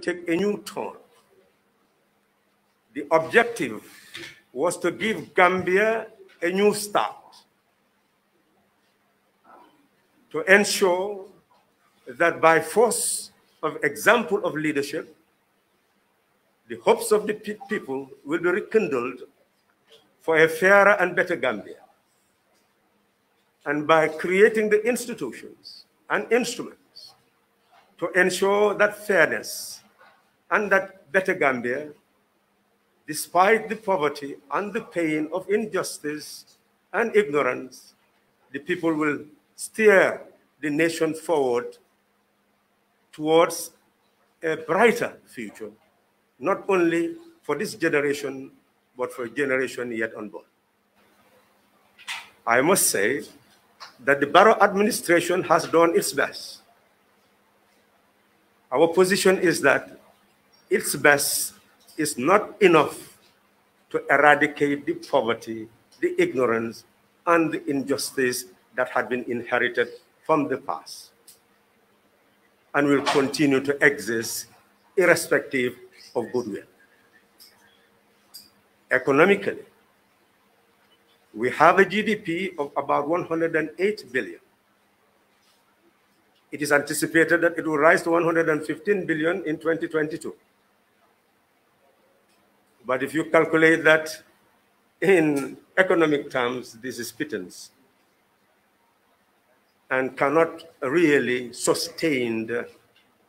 take a new tone. The objective was to give Gambia a new start, to ensure that by force of example of leadership, the hopes of the people will be rekindled for a fairer and better Gambia. And by creating the institutions and instruments to ensure that fairness and that better Gambia, despite the poverty and the pain of injustice and ignorance, the people will steer the nation forward towards a brighter future, not only for this generation, but for a generation yet unborn. I must say that the Barrow administration has done its best. Our position is that its best is not enough to eradicate the poverty, the ignorance, and the injustice that had been inherited from the past and will continue to exist irrespective of goodwill. Economically, we have a GDP of about 108 billion. It is anticipated that it will rise to 115 billion in 2022. But if you calculate that in economic terms, this is pittance and cannot really sustain the,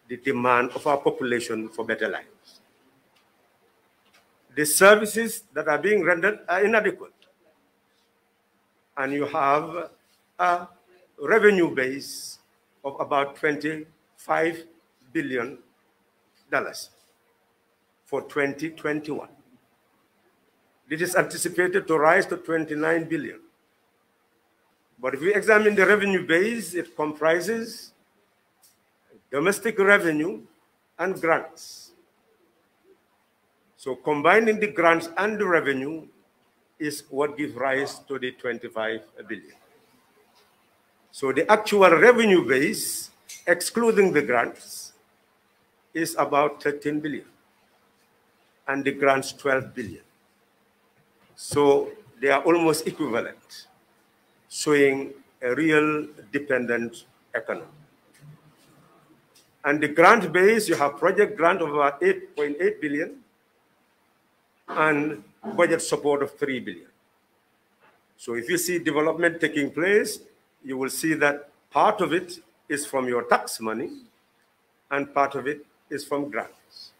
the demand of our population for better lives. The services that are being rendered are inadequate. And you have a revenue base of about 25 billion dollars for 2021. It is anticipated to rise to 29 billion. But if we examine the revenue base, it comprises domestic revenue and grants. So combining the grants and the revenue is what gives rise to the 25 billion. So the actual revenue base, excluding the grants, is about 13 billion and the grants 12 billion. So they are almost equivalent, showing a real dependent economy. And the grant base, you have project grant of about 8.8 billion and budget support of 3 billion. So if you see development taking place, you will see that part of it is from your tax money and part of it is from grants.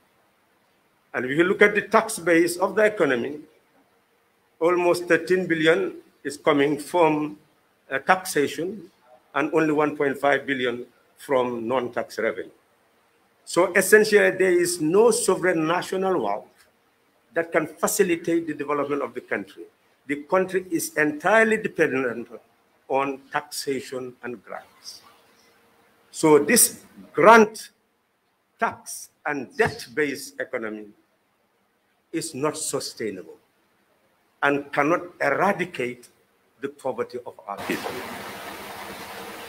And if you look at the tax base of the economy, almost 13 billion is coming from uh, taxation and only 1.5 billion from non-tax revenue. So essentially, there is no sovereign national wealth that can facilitate the development of the country. The country is entirely dependent on taxation and grants. So this grant, tax, and debt-based economy is not sustainable and cannot eradicate the poverty of our people.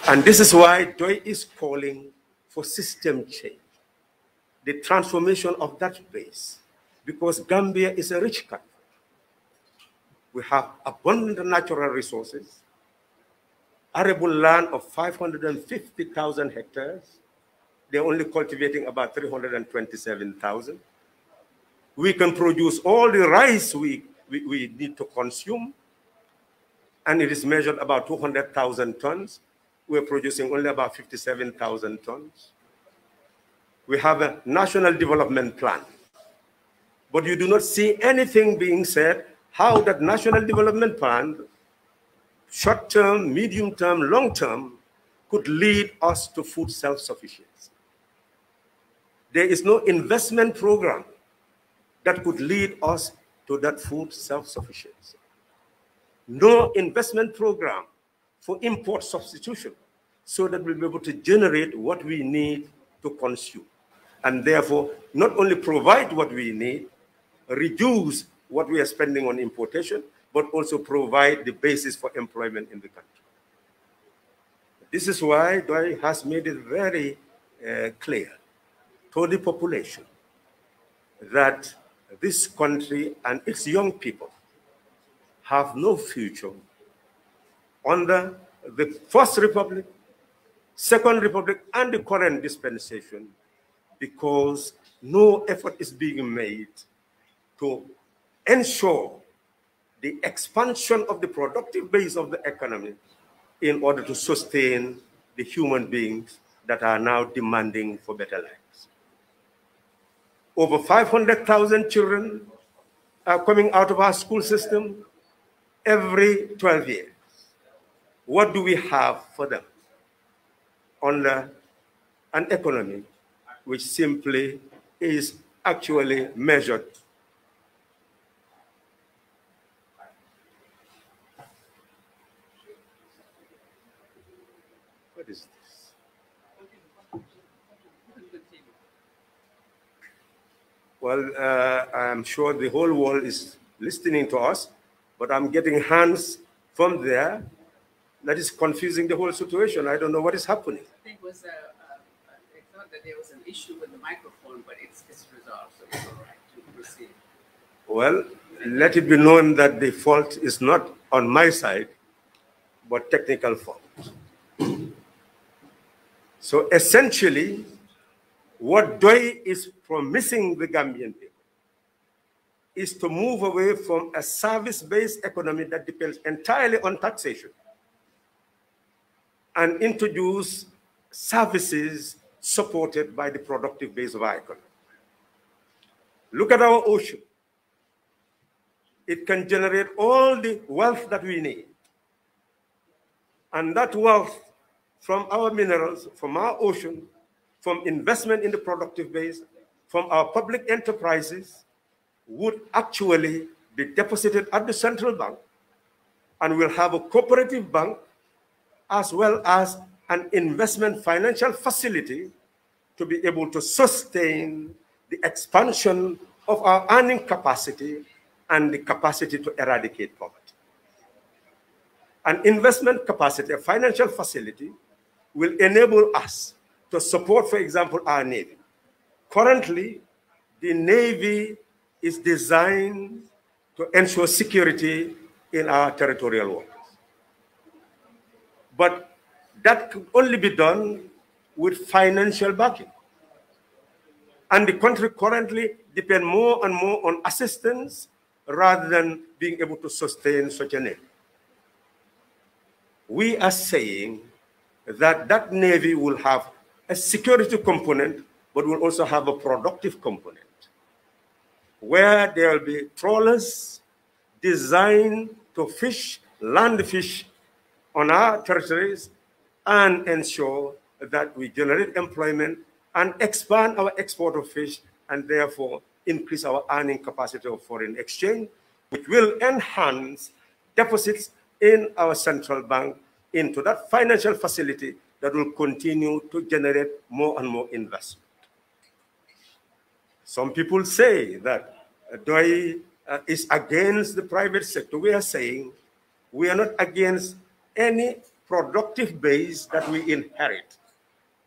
And this is why Doi is calling for system change, the transformation of that base, because Gambia is a rich country. We have abundant natural resources, arable land of 550,000 hectares. They're only cultivating about 327,000. We can produce all the rice we we, we need to consume. And it is measured about 200,000 tons. We're producing only about 57,000 tons. We have a national development plan. But you do not see anything being said how that national development plan, short term, medium term, long term, could lead us to food self sufficiency. There is no investment program that could lead us to that food self-sufficiency. No investment program for import substitution so that we'll be able to generate what we need to consume. And therefore, not only provide what we need, reduce what we are spending on importation, but also provide the basis for employment in the country. This is why DOI has made it very uh, clear to the population that this country and its young people have no future under the First Republic, Second Republic, and the current dispensation because no effort is being made to ensure the expansion of the productive base of the economy in order to sustain the human beings that are now demanding for better life. Over 500,000 children are coming out of our school system every 12 years. What do we have for them? Under an economy which simply is actually measured Well, uh, I'm sure the whole world is listening to us, but I'm getting hands from there that is confusing the whole situation. I don't know what is happening. was uh, uh, I thought that there was an issue with the microphone, but it's, it's resolved, so it's all right to proceed. Well, let it be known that the fault is not on my side, but technical fault. so essentially, what DOI is from missing the Gambian people is to move away from a service-based economy that depends entirely on taxation and introduce services supported by the productive base of our economy. Look at our ocean. It can generate all the wealth that we need. And that wealth from our minerals, from our ocean, from investment in the productive base, from our public enterprises would actually be deposited at the central bank and we'll have a cooperative bank as well as an investment financial facility to be able to sustain the expansion of our earning capacity and the capacity to eradicate poverty. An investment capacity, a financial facility, will enable us to support, for example, our Navy, Currently, the Navy is designed to ensure security in our territorial waters. But that could only be done with financial backing. And the country currently depends more and more on assistance rather than being able to sustain such a navy. We are saying that that navy will have a security component but will also have a productive component where there will be trawlers designed to fish, land fish on our territories and ensure that we generate employment and expand our export of fish and therefore increase our earning capacity of foreign exchange, which will enhance deposits in our central bank into that financial facility that will continue to generate more and more investment. Some people say that DOI uh, is against the private sector. We are saying we are not against any productive base that we inherit.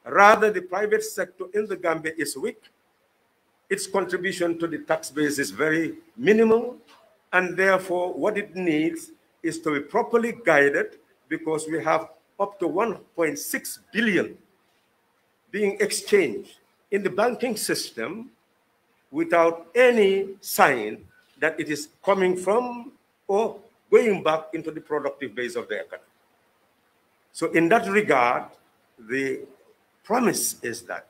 Rather, the private sector in the Gambia is weak. Its contribution to the tax base is very minimal, and therefore, what it needs is to be properly guided because we have up to 1.6 billion being exchanged in the banking system without any sign that it is coming from or going back into the productive base of the economy. So in that regard, the promise is that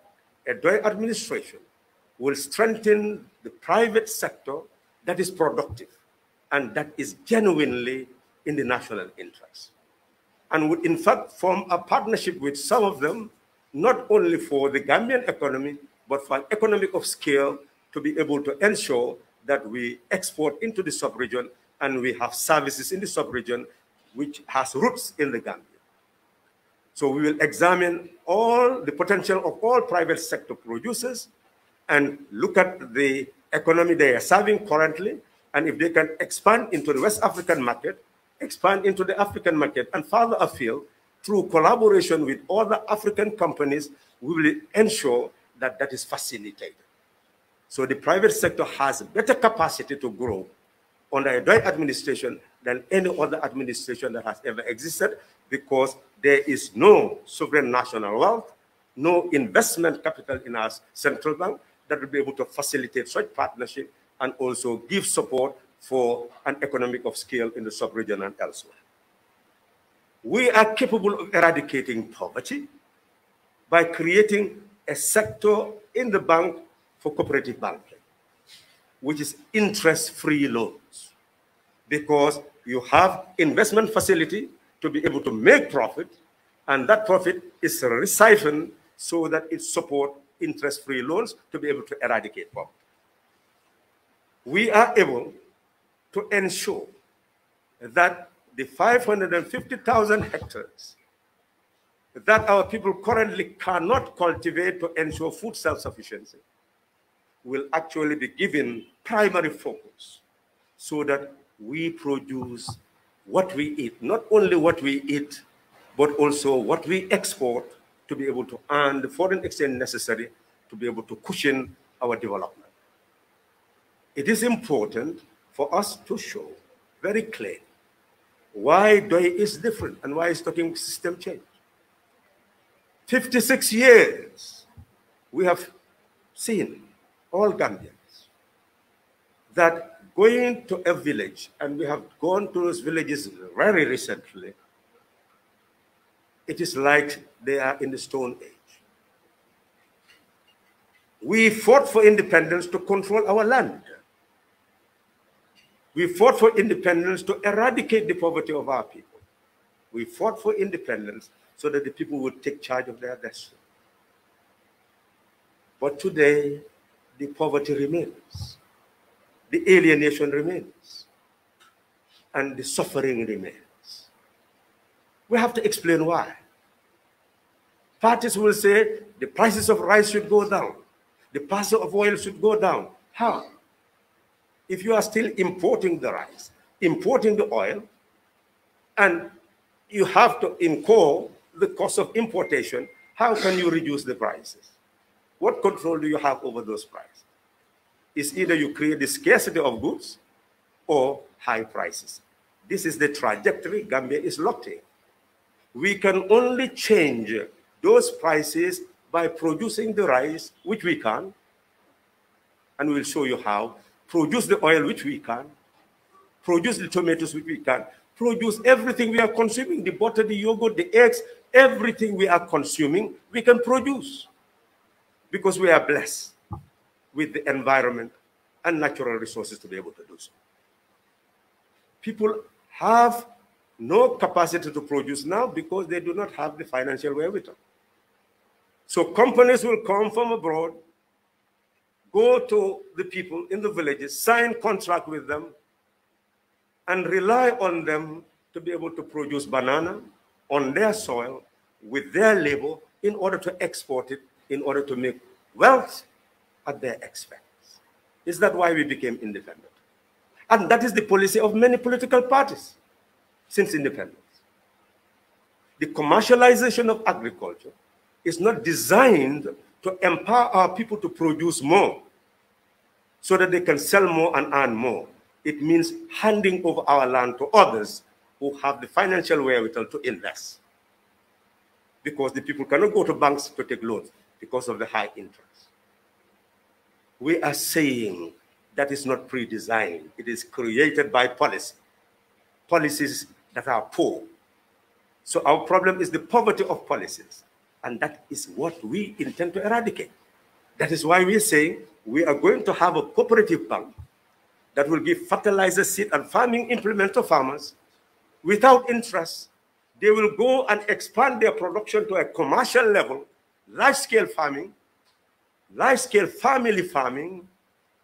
a Doi administration will strengthen the private sector that is productive and that is genuinely in the national interest and would in fact form a partnership with some of them, not only for the Gambian economy, but for an economic of scale to be able to ensure that we export into the sub-region and we have services in the sub-region which has roots in the Gambia. So we will examine all the potential of all private sector producers and look at the economy they are serving currently and if they can expand into the West African market, expand into the African market and further afield through collaboration with other African companies, we will ensure that that is facilitated. So the private sector has better capacity to grow under a joint administration than any other administration that has ever existed because there is no sovereign national wealth, no investment capital in our central bank that will be able to facilitate such partnership and also give support for an economic of scale in the sub-region and elsewhere. We are capable of eradicating poverty by creating a sector in the bank for cooperative banking, which is interest-free loans, because you have investment facility to be able to make profit, and that profit is siphoned so that it support interest-free loans to be able to eradicate poverty. We are able to ensure that the 550,000 hectares that our people currently cannot cultivate to ensure food self-sufficiency will actually be given primary focus so that we produce what we eat, not only what we eat, but also what we export to be able to earn the foreign exchange necessary to be able to cushion our development. It is important for us to show very clearly why DOI is different and why it's talking system change. 56 years we have seen all Gambians, that going to a village, and we have gone to those villages very recently, it is like they are in the Stone Age. We fought for independence to control our land. We fought for independence to eradicate the poverty of our people. We fought for independence so that the people would take charge of their destiny. But today, the poverty remains, the alienation remains, and the suffering remains. We have to explain why. Parties will say the prices of rice should go down, the price of oil should go down. How? If you are still importing the rice, importing the oil, and you have to incur the cost of importation, how can you reduce the prices? what control do you have over those prices? It's either you create the scarcity of goods or high prices. This is the trajectory Gambia is locked in. We can only change those prices by producing the rice, which we can, and we'll show you how, produce the oil, which we can, produce the tomatoes, which we can, produce everything we are consuming, the butter, the yogurt, the eggs, everything we are consuming, we can produce because we are blessed with the environment and natural resources to be able to do so. People have no capacity to produce now because they do not have the financial wherewithal. So companies will come from abroad, go to the people in the villages, sign contract with them, and rely on them to be able to produce banana on their soil with their labor in order to export it in order to make wealth at their expense. Is that why we became independent? And that is the policy of many political parties since independence. The commercialization of agriculture is not designed to empower our people to produce more so that they can sell more and earn more. It means handing over our land to others who have the financial wherewithal to invest because the people cannot go to banks to take loans because of the high interest. We are saying that is not pre-designed. It is created by policy, policies that are poor. So our problem is the poverty of policies. And that is what we intend to eradicate. That is why we're saying we are going to have a cooperative bank that will give fertilizer, seed, and farming implement to farmers without interest. They will go and expand their production to a commercial level large scale farming, large scale family farming,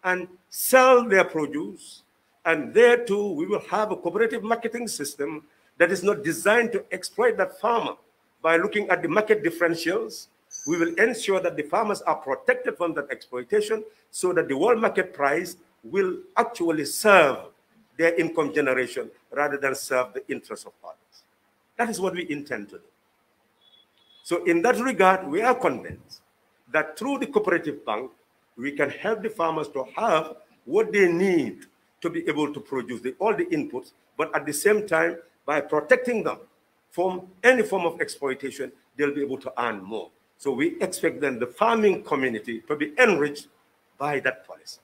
and sell their produce. And there too, we will have a cooperative marketing system that is not designed to exploit that farmer. By looking at the market differentials, we will ensure that the farmers are protected from that exploitation so that the world market price will actually serve their income generation rather than serve the interests of others. That is what we intend to do. So in that regard, we are convinced that through the cooperative bank, we can help the farmers to have what they need to be able to produce the, all the inputs, but at the same time, by protecting them from any form of exploitation, they'll be able to earn more. So we expect then the farming community to be enriched by that policy.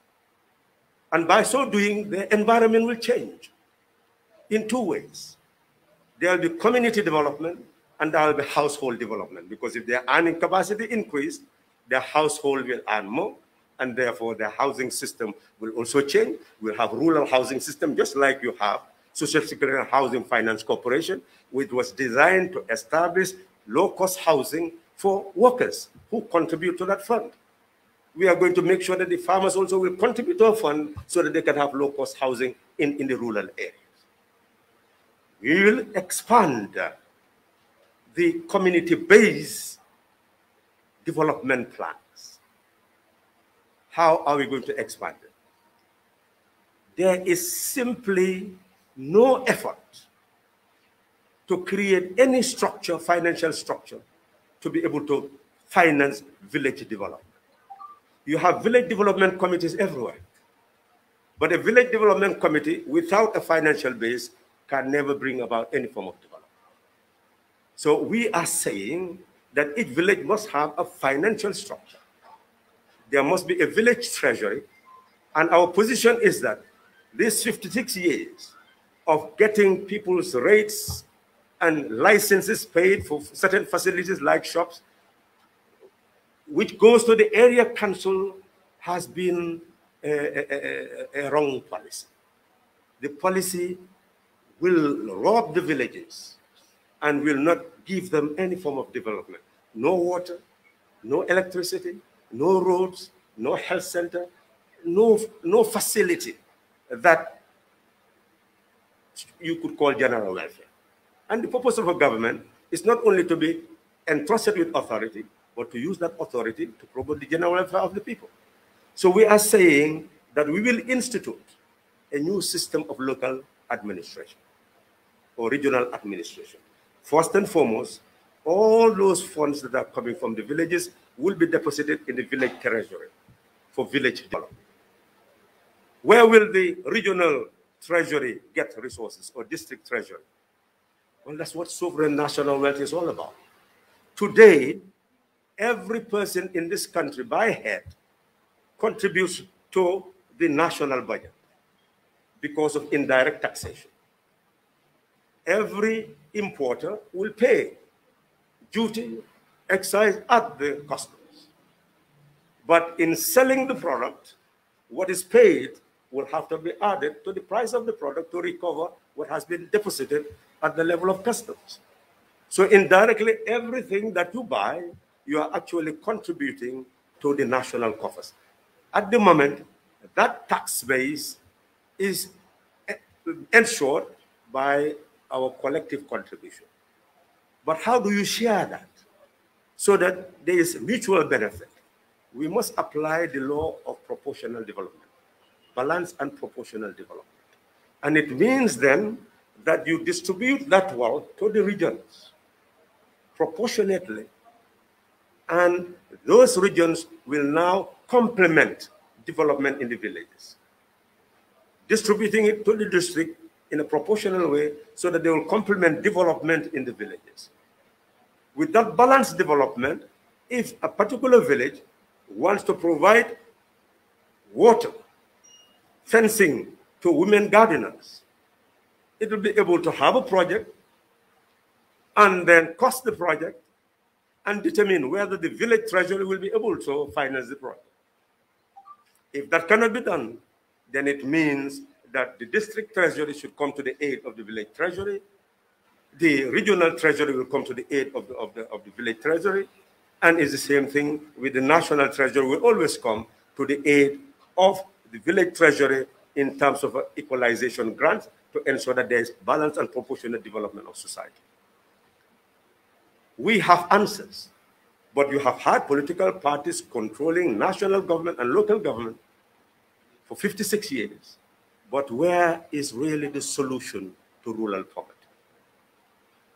And by so doing, the environment will change in two ways. There will be community development and there will be household development because if their earning capacity increased, their household will earn more and therefore their housing system will also change. We'll have rural housing system just like you have Social Security Housing Finance Corporation, which was designed to establish low-cost housing for workers who contribute to that fund. We are going to make sure that the farmers also will contribute to a fund so that they can have low-cost housing in, in the rural areas. We will expand the community-based development plans. How are we going to expand it? There is simply no effort to create any structure, financial structure, to be able to finance village development. You have village development committees everywhere. But a village development committee without a financial base can never bring about any form of development. So we are saying that each village must have a financial structure. There must be a village treasury. And our position is that these 56 years of getting people's rates and licenses paid for certain facilities like shops, which goes to the area council, has been a, a, a, a wrong policy. The policy will rob the villages and will not give them any form of development. No water, no electricity, no roads, no health center, no, no facility that you could call general welfare. And the purpose of a government is not only to be entrusted with authority, but to use that authority to promote the general welfare of the people. So we are saying that we will institute a new system of local administration or regional administration First and foremost, all those funds that are coming from the villages will be deposited in the village treasury for village development. Where will the regional treasury get resources or district treasury? Well, that's what sovereign national wealth is all about. Today, every person in this country by head contributes to the national budget because of indirect taxation. Every importer will pay duty, excise at the customs. But in selling the product, what is paid will have to be added to the price of the product to recover what has been deposited at the level of customs. So indirectly, everything that you buy, you are actually contributing to the national coffers. At the moment, that tax base is eh, ensured by our collective contribution. But how do you share that so that there is mutual benefit? We must apply the law of proportional development, balance and proportional development. And it means then that you distribute that wealth to the regions proportionately. And those regions will now complement development in the villages. Distributing it to the district in a proportional way so that they will complement development in the villages. With that balanced development, if a particular village wants to provide water, fencing to women gardeners, it will be able to have a project and then cost the project and determine whether the village treasury will be able to finance the project. If that cannot be done, then it means that the district treasury should come to the aid of the village treasury. The regional treasury will come to the aid of the, of the, of the village treasury. And it's the same thing with the national treasury will always come to the aid of the village treasury in terms of equalization grants to ensure that there is balance and proportionate development of society. We have answers, but you have had political parties controlling national government and local government for 56 years. But where is really the solution to rural poverty?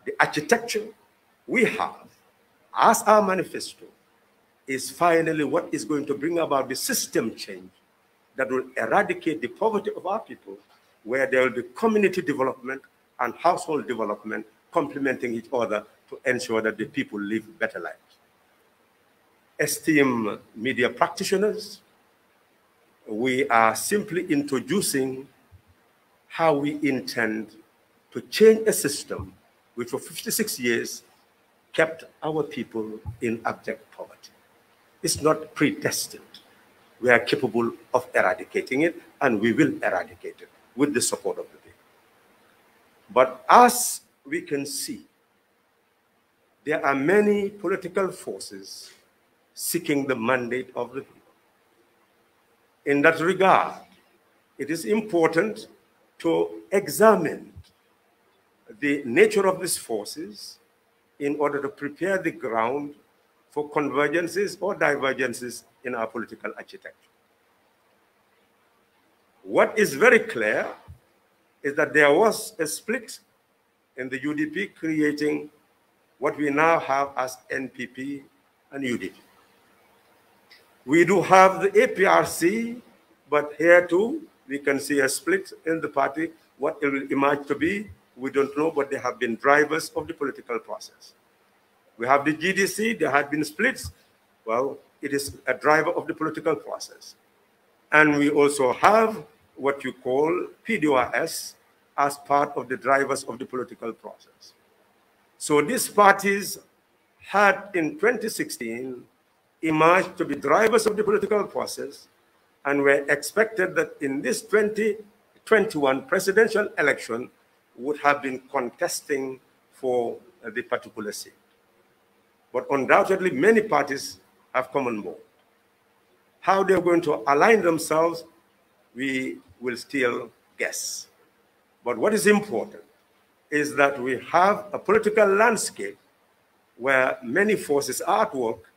The architecture we have as our manifesto is finally what is going to bring about the system change that will eradicate the poverty of our people, where there will be community development and household development complementing each other to ensure that the people live better lives. Esteemed media practitioners, we are simply introducing how we intend to change a system which for 56 years kept our people in abject poverty. It's not predestined. We are capable of eradicating it, and we will eradicate it with the support of the people. But as we can see, there are many political forces seeking the mandate of the people. In that regard, it is important to examine the nature of these forces in order to prepare the ground for convergences or divergences in our political architecture. What is very clear is that there was a split in the UDP creating what we now have as NPP and UDP. We do have the APRC, but here too, we can see a split in the party. What it will emerge to be, we don't know, but they have been drivers of the political process. We have the GDC, there have been splits. Well, it is a driver of the political process. And we also have what you call PDORS as part of the drivers of the political process. So these parties had in 2016 emerged to be drivers of the political process and were expected that in this 2021 presidential election would have been contesting for uh, the particular seat. But undoubtedly, many parties have come on board. How they're going to align themselves, we will still guess. But what is important is that we have a political landscape where many forces are at work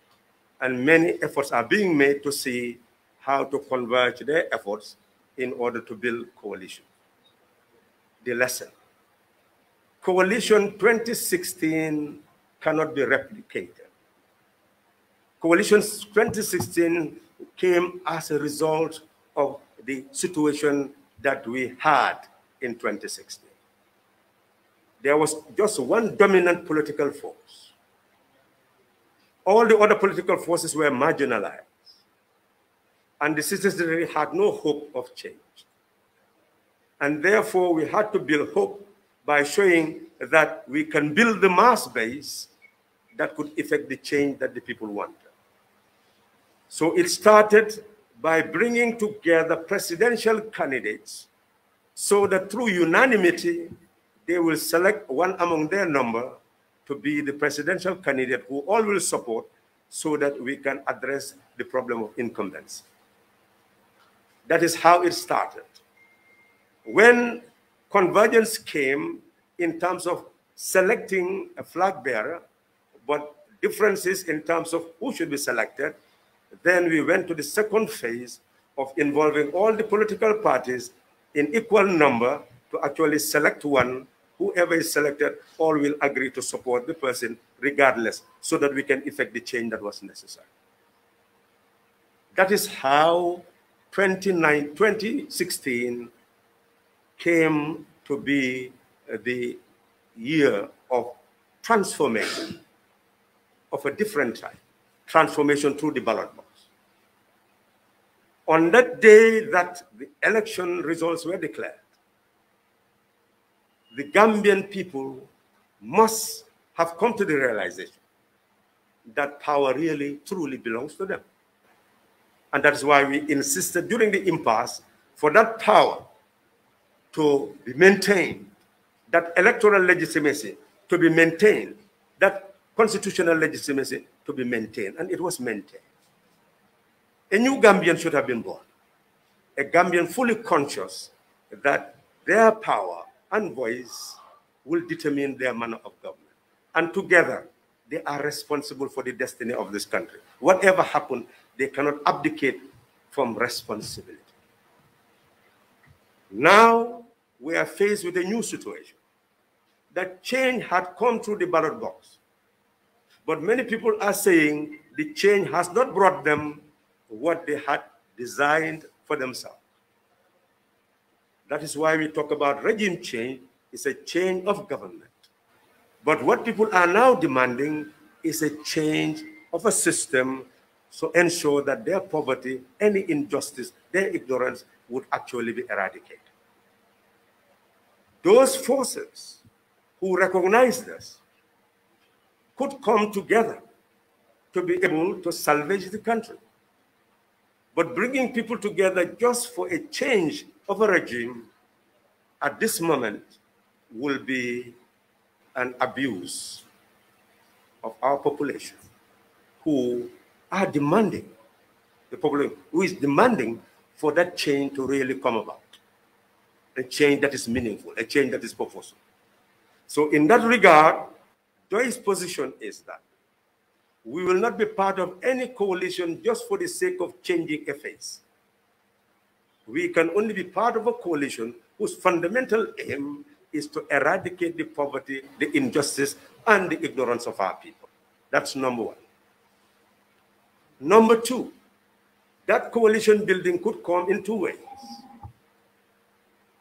and many efforts are being made to see how to converge their efforts in order to build coalition. The lesson. Coalition 2016 cannot be replicated. Coalition 2016 came as a result of the situation that we had in 2016. There was just one dominant political force all the other political forces were marginalized, and the citizenry had no hope of change. And therefore, we had to build hope by showing that we can build the mass base that could effect the change that the people wanted. So it started by bringing together presidential candidates so that through unanimity, they will select one among their number to be the presidential candidate who all will support so that we can address the problem of incumbents. That is how it started. When convergence came in terms of selecting a flag bearer, but differences in terms of who should be selected, then we went to the second phase of involving all the political parties in equal number to actually select one whoever is selected, all will agree to support the person regardless so that we can effect the change that was necessary. That is how 2016 came to be uh, the year of transformation of a different type, transformation through the ballot box. On that day that the election results were declared, the Gambian people must have come to the realization that power really, truly belongs to them. And that's why we insisted during the impasse for that power to be maintained, that electoral legitimacy to be maintained, that constitutional legitimacy to be maintained. And it was maintained. A new Gambian should have been born, a Gambian fully conscious that their power envoys will determine their manner of government. And together, they are responsible for the destiny of this country. Whatever happened, they cannot abdicate from responsibility. Now, we are faced with a new situation. That change had come through the ballot box. But many people are saying the change has not brought them what they had designed for themselves. That is why we talk about regime change. It's a change of government. But what people are now demanding is a change of a system so ensure that their poverty, any injustice, their ignorance would actually be eradicated. Those forces who recognize this could come together to be able to salvage the country. But bringing people together just for a change of a regime at this moment will be an abuse of our population who are demanding the problem. who is demanding for that change to really come about a change that is meaningful a change that is purposeful so in that regard Doy's position is that we will not be part of any coalition just for the sake of changing a face we can only be part of a coalition whose fundamental aim is to eradicate the poverty, the injustice, and the ignorance of our people. That's number one. Number two, that coalition building could come in two ways.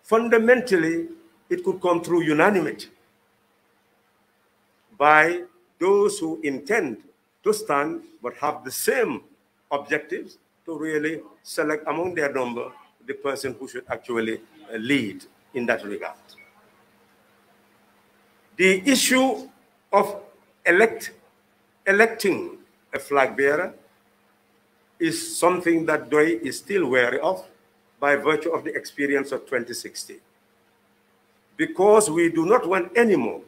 Fundamentally, it could come through unanimity by those who intend to stand but have the same objectives to really select among their number the person who should actually uh, lead in that regard. The issue of elect, electing a flag bearer is something that DOI is still wary of by virtue of the experience of 2016. Because we do not want anymore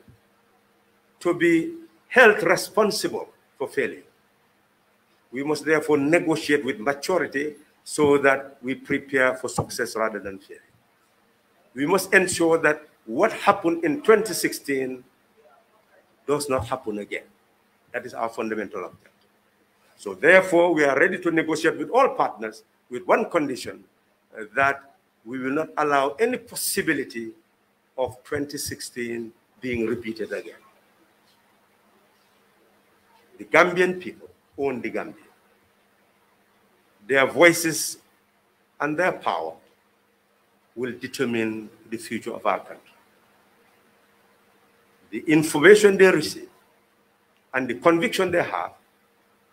to be held responsible for failure. We must therefore negotiate with maturity so that we prepare for success rather than fear. We must ensure that what happened in 2016 does not happen again. That is our fundamental objective. So therefore, we are ready to negotiate with all partners with one condition, uh, that we will not allow any possibility of 2016 being repeated again. The Gambian people own the Gambia their voices and their power will determine the future of our country. The information they receive and the conviction they have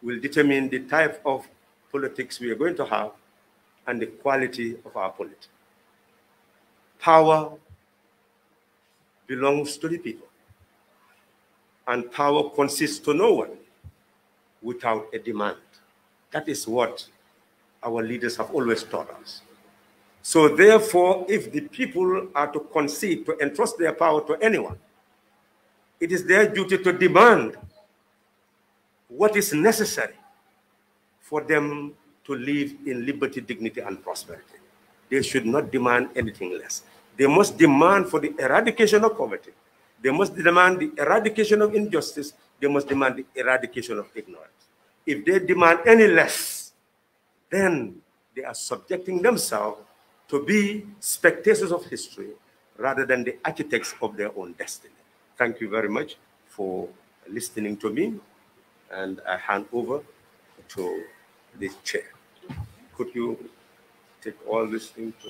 will determine the type of politics we are going to have and the quality of our politics. Power belongs to the people, and power consists to no one without a demand. That is what our leaders have always taught us. So therefore, if the people are to concede, to entrust their power to anyone, it is their duty to demand what is necessary for them to live in liberty, dignity, and prosperity. They should not demand anything less. They must demand for the eradication of poverty. They must demand the eradication of injustice. They must demand the eradication of ignorance. If they demand any less, then they are subjecting themselves to be spectators of history rather than the architects of their own destiny. Thank you very much for listening to me. And I hand over to the chair. Could you take all this into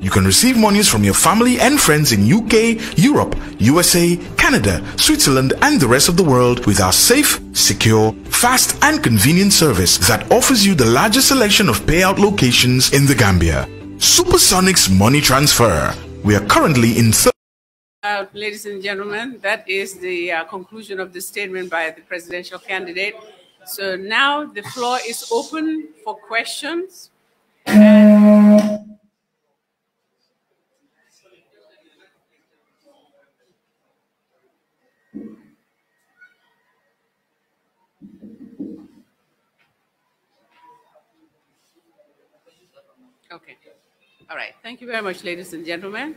You can receive monies from your family and friends in UK, Europe, USA, Canada, Switzerland, and the rest of the world with our safe, secure, fast, and convenient service that offers you the largest selection of payout locations in the Gambia. Supersonics Money Transfer. We are currently in. Uh, ladies and gentlemen, that is the uh, conclusion of the statement by the presidential candidate. So now the floor is open for questions. And All right. Thank you very much, ladies and gentlemen.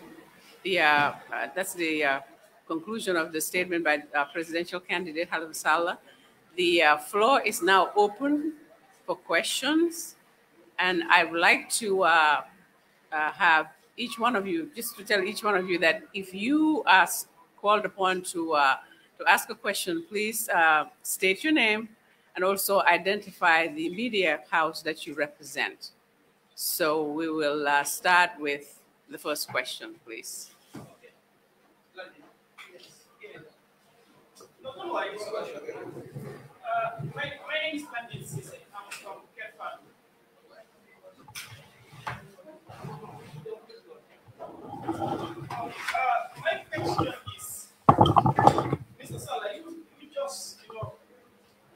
The, uh, uh, that's the uh, conclusion of the statement by uh, presidential candidate Halim Saleh. The uh, floor is now open for questions. And I would like to uh, have each one of you, just to tell each one of you that if you are called upon to, to ask a question, please state your name and also identify the media house that you represent. So we will uh, start with the first question, please. my, name is Pandit Sise. I'm from Kefan. Uh, my question is, Mr. Sala, you, you just, you know,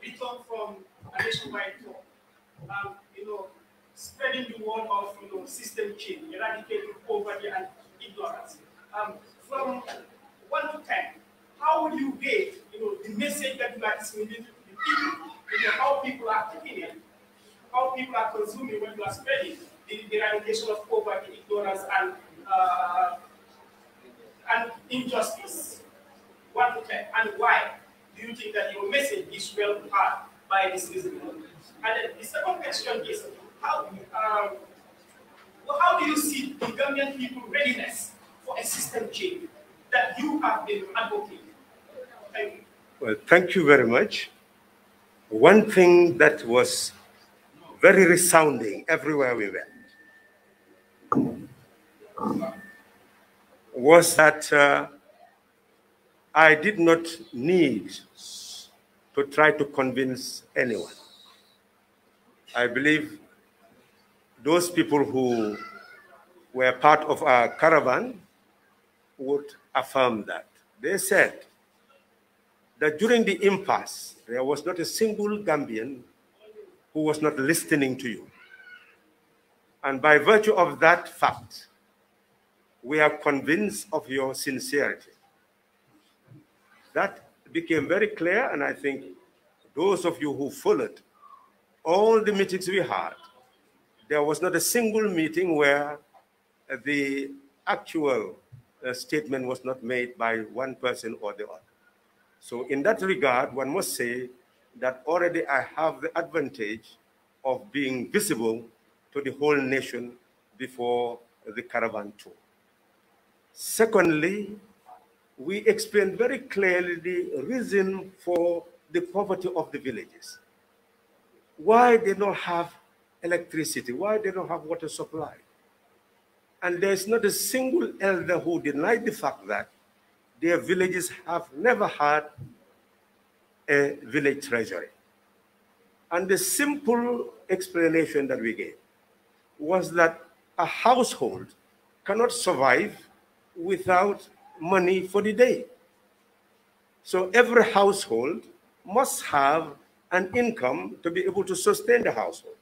returned from a nationwide tour. Um, you know, spreading the word of you know, system change, eradicating poverty and ignorance. Um, from 1 to 10, how would you rate you know, the message that you are disseminating to the people, you know, how people are taking it, how people are consuming when you are spreading, the, the eradication of poverty, ignorance, and, uh, and injustice? 1 to 10, and why do you think that your message is well heard by this reason? And the second question is, how, um, well, how do you see the Gambian people readiness for a system change that you have been advocating? Thank you. Well, thank you very much. One thing that was very resounding everywhere we went was that uh, I did not need to try to convince anyone. I believe those people who were part of our caravan would affirm that. They said that during the impasse, there was not a single Gambian who was not listening to you. And by virtue of that fact, we are convinced of your sincerity. That became very clear, and I think those of you who followed all the meetings we had there was not a single meeting where the actual uh, statement was not made by one person or the other. So in that regard, one must say that already I have the advantage of being visible to the whole nation before the caravan tour. Secondly, we explained very clearly the reason for the poverty of the villages. Why they don't have electricity? Why they don't have water supply? And there's not a single elder who denied the fact that their villages have never had a village treasury. And the simple explanation that we gave was that a household cannot survive without money for the day. So every household must have an income to be able to sustain the household.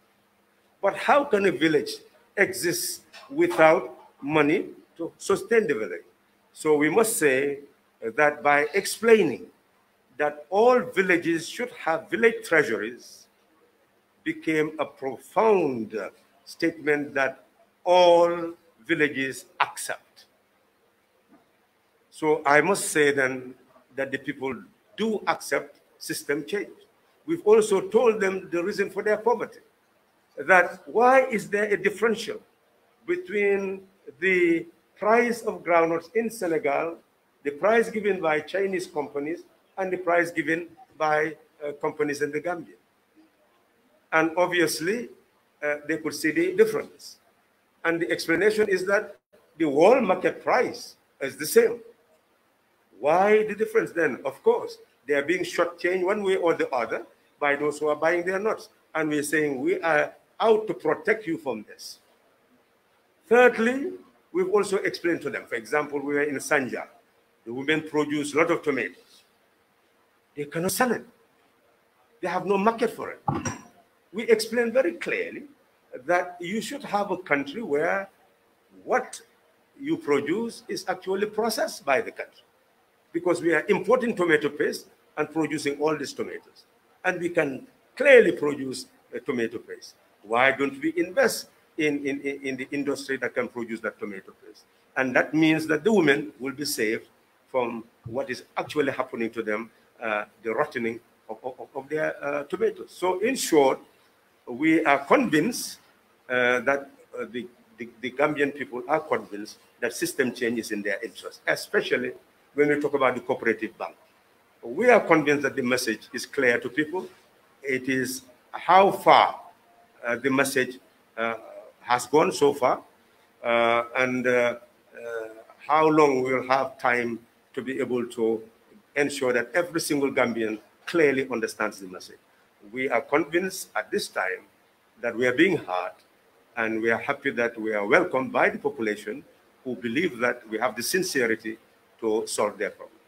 But how can a village exist without money to sustain the village? So we must say that by explaining that all villages should have village treasuries became a profound statement that all villages accept. So I must say then that the people do accept system change. We've also told them the reason for their poverty that why is there a differential between the price of groundnuts in Senegal, the price given by Chinese companies, and the price given by uh, companies in the Gambia. And obviously, uh, they could see the difference. And the explanation is that the world market price is the same. Why the difference then? Of course, they are being shortchanged one way or the other by those who are buying their nuts. And we're saying we are out to protect you from this. Thirdly, we've also explained to them. For example, we were in Sanja. The women produce a lot of tomatoes. They cannot sell it. They have no market for it. We explained very clearly that you should have a country where what you produce is actually processed by the country. Because we are importing tomato paste and producing all these tomatoes. And we can clearly produce a tomato paste. Why don't we invest in, in, in the industry that can produce that tomato paste? And that means that the women will be saved from what is actually happening to them, uh, the rotting of, of, of, their uh, tomatoes. So in short, we are convinced uh, that uh, the, the, the Gambian people are convinced that system change is in their interest, especially when we talk about the cooperative bank. We are convinced that the message is clear to people. It is how far uh, the message uh, has gone so far uh, and how long we'll have time to be able to ensure that every single Gambian clearly understands the message. We are convinced at this time that we are being heard and we are happy that we are welcomed by the population who believe that we have the sincerity to solve their problems.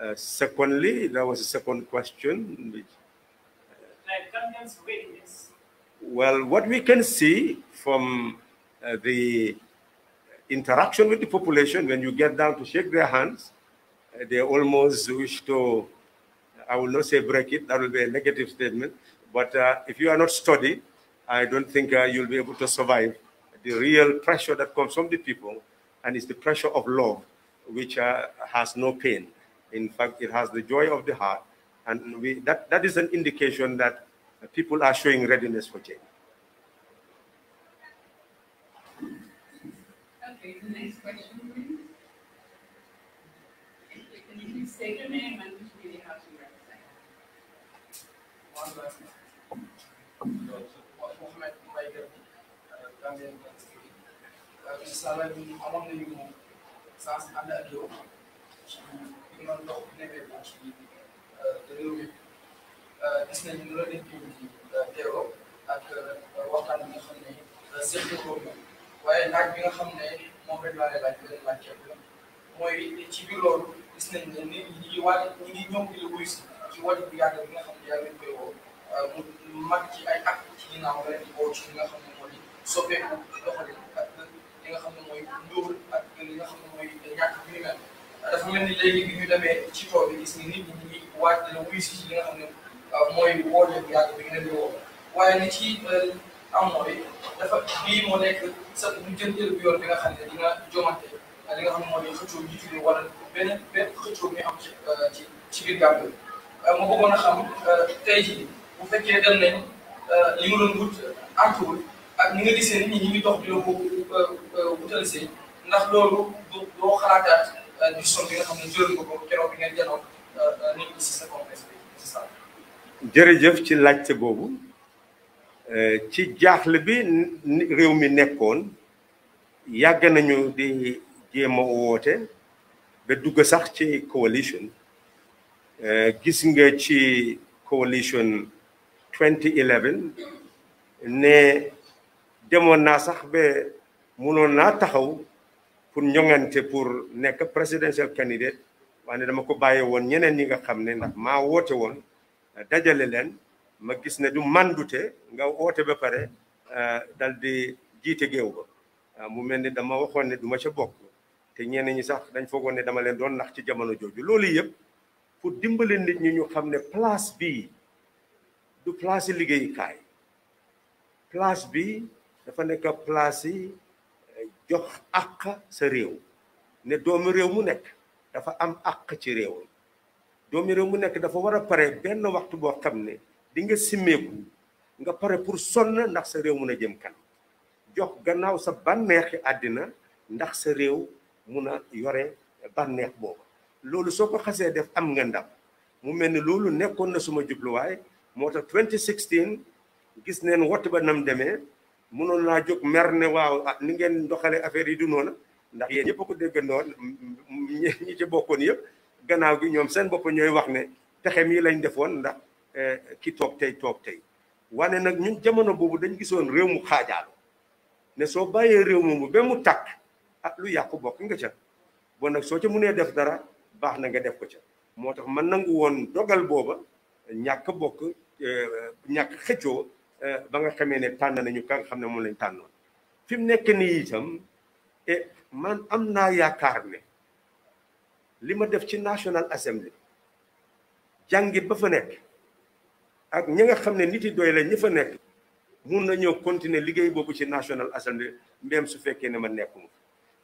Uh, secondly, there was a second question. Which, uh, like Gambians' willingness well, what we can see from uh, the interaction with the population, when you get down to shake their hands, uh, they almost wish to, I will not say break it, that will be a negative statement, but uh, if you are not studied, I don't think uh, you'll be able to survive the real pressure that comes from the people, and it's the pressure of love, which uh, has no pain. In fact, it has the joy of the heart, and we, that, that is an indication that people are showing readiness for change. Okay, the next question, please. your name and which media house you represent? Mohamed Gambian the Euh, gis nañu loolu lañ fi ñu euh, teewoo ak euh, waxtaan bi nga xam ne seq ko moom waaye naaj bi nga xam ne moom rek laa lay laaj bi leen laajte ko mooy ci biir loolu gis nañ la ci wàllu nga xam ne yàlla nañ mu mag la di nga xam ne moo di soppeeku doxalin ak li nga xam ne mooy ndóol ak li nga xam ne mooy ñàkk bi mel dafa mel ni léegi bi ñu demee ci tool bi ni nit ñi ñu ngi ci nga xam ne mooy woote bi yàgg bi ngeen di woo waaye li ci euh, am mooy dafa bii moo nekk sa ñu jëndee bi yoon bi nga xam ne dina jomante li nga xam ne mooy xëccoo jiitu bi wala benn benn xëccoo bi am ci euh, ci ci biir gàmbe euh, ma bëggoon a xam te jii bu fekkee dem ne li nga doon wut antuwul ak ni nga gisee nit ñi ñu ngi dox di la ko wutal see ndax loolu du doo xalaataat du son bi nga xam ne jël nga ko keroog bi ngeen janoon nit si sa complexe bi jërëjëf ci laajte boobu eh, ci jaaxle bi réew mi nekkoon yàgg nañu di jéem a woote ba dugg sax ci coalition eh, gis nga ci coalition 2011 ne demoon naa sax ba mënoon naa taxaw pour ñoŋante pour nekk presidential candidate waaye dama ko bàyyee woon ñeneen ñi nga xam ne ndax maa woote woon dajale leen ma gis ne du mandute nga woote ba pare euh, dal di jiite géew ba euh, mu mel ni dama waxoon ne duma ca bokk te ñenn ñi sax dañ foogoon ne dama leen doon nax ci jamono jooju loolu yëpp pour dimbale nit ñi ñu xam ne place bi du place yi liggéeyukaay place bi dafa nekk place yi euh, jox àq sa réew ne doomu réew mu nekk dafa am àq ci réew doomu réew mu nekk dafa war a pare benn waxtu boo xam ne di nga simmeeku nga pare pour sonn ndax sa réew mun a jëm kan jox gannaaw sa bànneexi àddina ndax sa réew mun a yore bànneex boobu loolu soo ko xasee def am nga ndam mu mel ni loolu nekkoon na suma jubluwaay moo tax 2016 gis neen woote ba nam demee mënoon naa jóg mer ne waaw ah, ni ngeen doxalee affaire yi du noona ndax yéen ñëpp ko dégg noonu ñi ci bokkoon yëpp gannaaw gi ñoom seen bopp ñooy wax ne pexe mii lañ defoon ndax eh, ki toog tey toog tey wane nag ñu jamono boobu dañ gisoon réew mu xaajaalo ne soo bàyyee réew mu mu be mu tàkk ah lu yàqu bokk nga ca bon nag soo ca mënee def dara baax na nga def ko ca moo tax man nangu woon dogal booba ñàkk bokk eh, ñàkk xëccoo eh, ba nga xamee ne tànn nañu ka nga xam ne moom lañ tànnoon fi mu nekk nii itam e man am naa yaakaar ne li ma def ci National Assembly jàngit ba fa nekk ak ñi nga xam ne nit yi doy la fa nekk mun na ñëw continuer liggéey boobu ci National Assembly même su fekkee ne ma nekkuma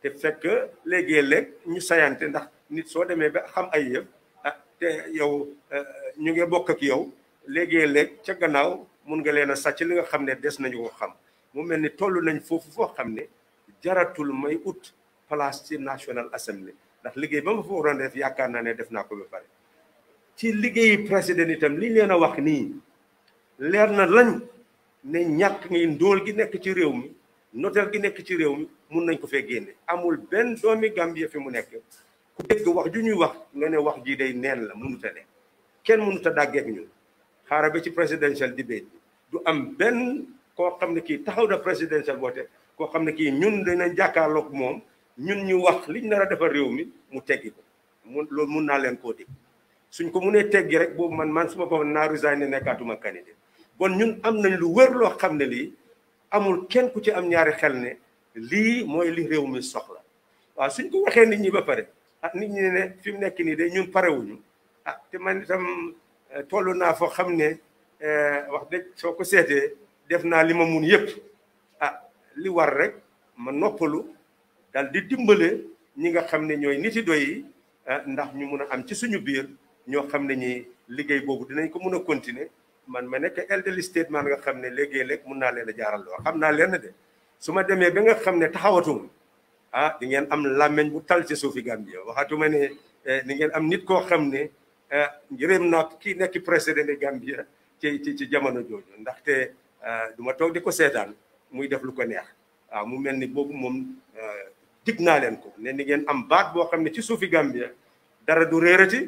te fekk léegi-léeg ñu sayante ndax nit soo demee ba xam ay yëf ah, te yow eh, ñu ngi bokk ak yow léegi-léeg ca gannaaw mun nga leen a sàcc li nga xam ne des nañu ko xam mu mel ni toll nañ foofu foo xam ne jaratul may ut place ci National Assembly ndax liggéey ba ma fa waroon def yaakaar naa ne def naa ko ba pare ci liggéey président itam li leen a wax nii leer na lañ ne ñàkk ngi ndóol gi nekk ci réew mi noteel gi nekk ci réew mi mun nañ ko fee génne amul benn doomi Gambie fi mu nekk ku dégg wax ju ñuy wax nga ne wax ji day neen la mënut a ne kenn mënut a dàggeeg ñun xaaral ba ci presidential debate bi du am benn koo xam ne kii taxaw na presidential woote koo xam ne kii ñun dinañ jàkkaarloog moom ñun ñu wax liñ nar a defar réew mi mu teggi ko mun loolu mun naa leen koo dégg suñ ko munee teggi rek boobu man man suma bopp naa resigné nekkaatuma candidat bon ñun am nañ lu wër loo xam ne lii amul kenn ku ci am ñaari xel ne lii mooy li réew mi soxla waaw suñ ko waxee nit ñi ba pare ah nit ñi ne fi mu nekk nii de ñun parewuñu ah man itam eh, tollu naa foo xam ne eh, wax dëgg soo ko seetee def naa li ma mun yëpp ah li war rek ma noppalu daal di dimbale ñi nga xam ne ñooy niti doy yi eh, ndax ñu mun a am ci suñu biir ñoo xam ne ñi liggéey boobu dinañ ko mun a continuer man ma nekk elder statesman man nga xam ne léegi-léeg mun naa leen a jaaral loo xam naa leen de su ma demee ba nga xam ne taxawatuma ah di ngeen am làmmeñ bu tal ci suufi Gambia waxatuma ne eh, di ngeen am nit koo xam ne njëréem eh, naa kii nekk président de Gambia ci ci ci jamono jooju ndaxte du ma toog di ko seetaan muy def lu ko neex waaw ah, mu mel ni boobu moom dig naa leen ko ne ni ngeen am baat boo xam ne ci suufi Gambia dara du réerati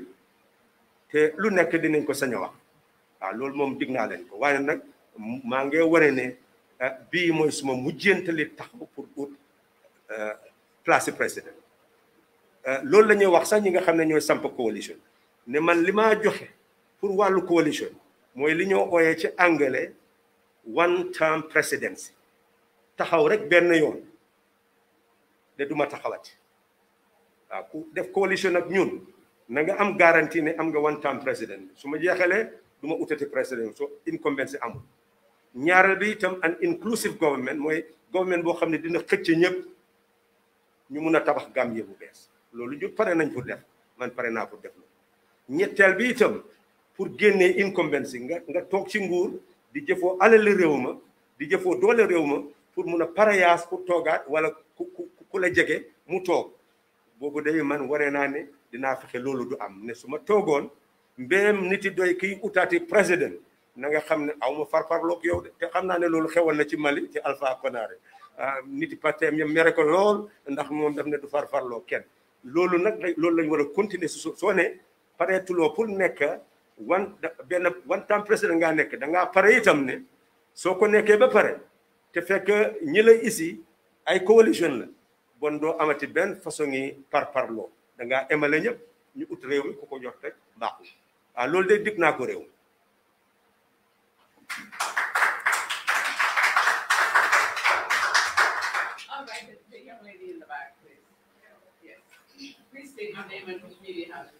te lu nekk dinañ ko sañ a wax waaw loolu moom dig naa leen ko waaye nag maa ngi waree ne ah, bii mooy suma mujjantali taxaw pour ut ah, place président ah, loolu lañuy wax sax ñi nga xam ne ñooy samp coalition ne man li ma joxe pour wàllu coalition mooy li ñoo ooyee ci anglais one term presidency taxaw rek benn yoon te duma taxawati waaw ku def coalition ak ñun na nga am garantie ne am nga one time président su ma jeexalee du ma utati président so incumbence amul ñaareel bi itam an inclusive government mooy government boo xam ne dina xëcc ñëpp ñu mun a tabax Gambie bu bees loolu ñu pare nañ pour def man pare naa pour def loolu ñetteel bi itam pour génnee incumbence nga nga toog ci nguur di jëfoo alali réew ma di jëfoo doole réew ma pour mun a pare yaas pour toogaat wala ku ku la jege mu toog boobu day man waree naa ne dinaa fexe loolu du am ne su ma toogoon mbéyam nit yi doy kiy utaati président na nga xam ne aw ma farfarloog yow de te xam naa ne loolu xewoon na ci Mali ci Alpha Konaré ah, nit yi parteem yam ko lool ndax moom daf ne du farfarloo kenn loolu nag loolu lañ war a continuer su soo ne pareetuloo pour nekk wan benn one time président ngaa nekk dangaa pare itam ne soo ko nekkee ba pare te fekk ñi la isi ay coalition la bon doo amati ben façon ngi parparloo da ngaa emale ñëpp ñu ut réew mi ku rek ko réew Please state your name and media house.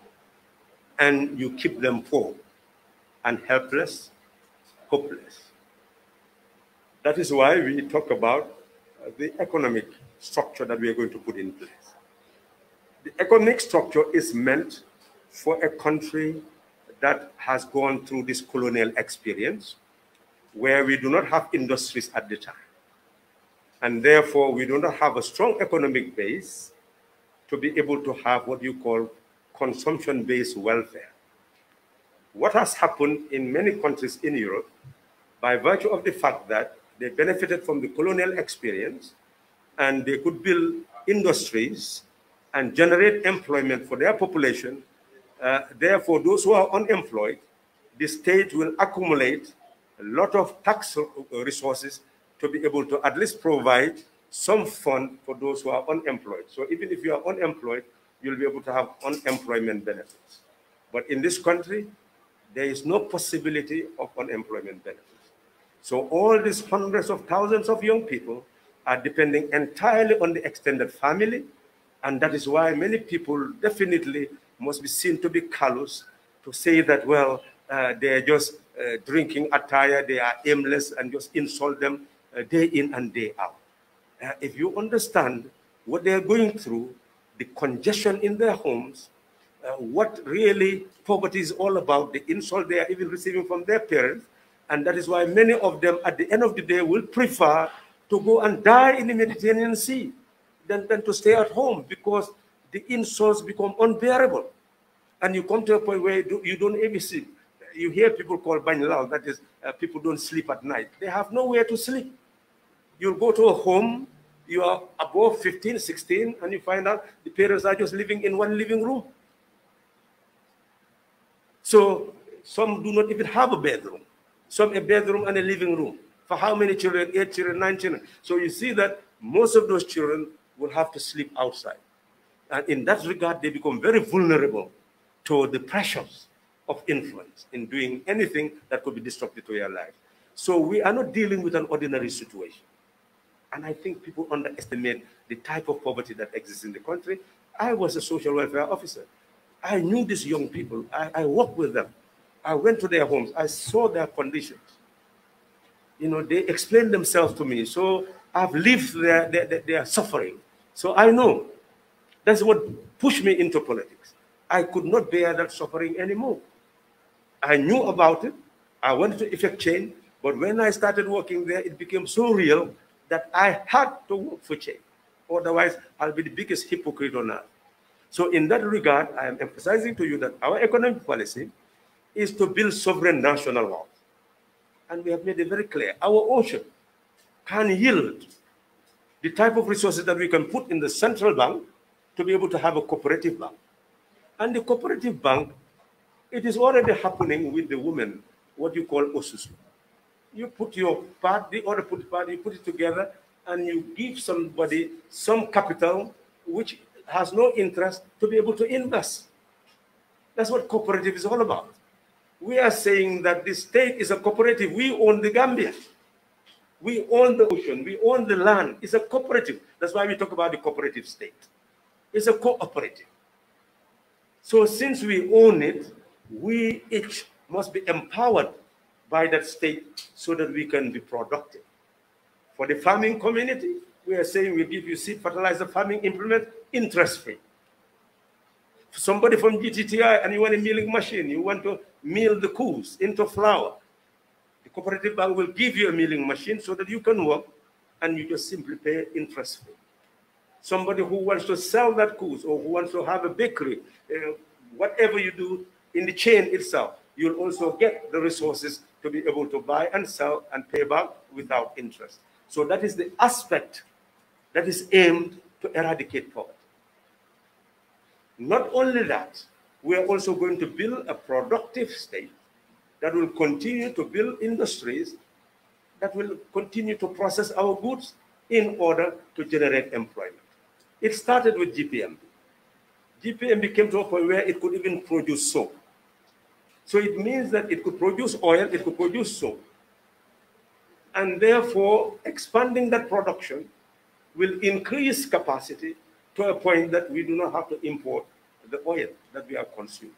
and you keep them poor and helpless, hopeless. That is why we talk about uh, the economic structure that we are going to put in place. The economic structure is meant for a country that has gone through this colonial experience where we do not have industries at the time. And therefore, we do not have a strong economic base to be able to have what you call consumption-based welfare. What has happened in many countries in Europe, by virtue of the fact that they benefited from the colonial experience and they could build industries and generate employment for their population. Uh, therefore, those who are unemployed, the state will accumulate a lot of tax resources to be able to at least provide some fund for those who are unemployed. So even if you are unemployed, you'll be able to have unemployment benefits. But in this country, there is no possibility of unemployment benefits. So all these hundreds of thousands of young people are depending entirely on the extended family. And that is why many people definitely must be seen to be callous to say that, well, uh, they're just uh, drinking attire, they are aimless and just insult them uh, day in and day out. Uh, if you understand what they're going through, the congestion in their homes, uh, what really poverty is all about, the insult they are even receiving from their parents. And that is why many of them, at the end of the day, will prefer to go and die in the Mediterranean Sea than, than to stay at home because the insults become unbearable. And you come to a point where you don't even see. You hear people call banilal, that is, uh, people don't sleep at night. They have nowhere to sleep. You'll go to a home you are above 15, 16, and you find out the parents are just living in one living room. So some do not even have a bedroom. Some a bedroom and a living room. For how many children? Eight children, nine children. So you see that most of those children will have to sleep outside. And in that regard, they become very vulnerable to the pressures of influence in doing anything that could be disruptive to their life. So we are not dealing with an ordinary situation. And I think people underestimate the type of poverty that exists in the country. I was a social welfare officer. I knew these young people. I, I worked with them. I went to their homes. I saw their conditions. You know, they explained themselves to me. So I've lived their, their, their suffering. So I know. That's what pushed me into politics. I could not bear that suffering anymore. I knew about it. I wanted to effect change. But when I started working there, it became so real that I had to work for change. Otherwise, I'll be the biggest hypocrite on earth. So in that regard, I am emphasizing to you that our economic policy is to build sovereign national wealth. And we have made it very clear, our ocean can yield the type of resources that we can put in the central bank to be able to have a cooperative bank. And the cooperative bank, it is already happening with the women, what you call osusu you put your part, the other put part, you put it together, and you give somebody some capital which has no interest to be able to invest. That's what cooperative is all about. We are saying that the state is a cooperative. We own the Gambia. We own the ocean. We own the land. It's a cooperative. That's why we talk about the cooperative state. It's a cooperative. So since we own it, we each must be empowered by that state so that we can be productive. For the farming community, we are saying we give you seed fertilizer farming implement interest-free. Somebody from GTTI and you want a milling machine, you want to mill the coos into flour, the cooperative bank will give you a milling machine so that you can work and you just simply pay interest-free. Somebody who wants to sell that coos or who wants to have a bakery, uh, whatever you do in the chain itself, you'll also get the resources to be able to buy and sell and pay back without interest. So that is the aspect that is aimed to eradicate poverty. Not only that, we are also going to build a productive state that will continue to build industries that will continue to process our goods in order to generate employment. It started with GPMB. GPMB came to a point where it could even produce soap. So it means that it could produce oil, it could produce soap. And therefore, expanding that production will increase capacity to a point that we do not have to import the oil that we are consuming.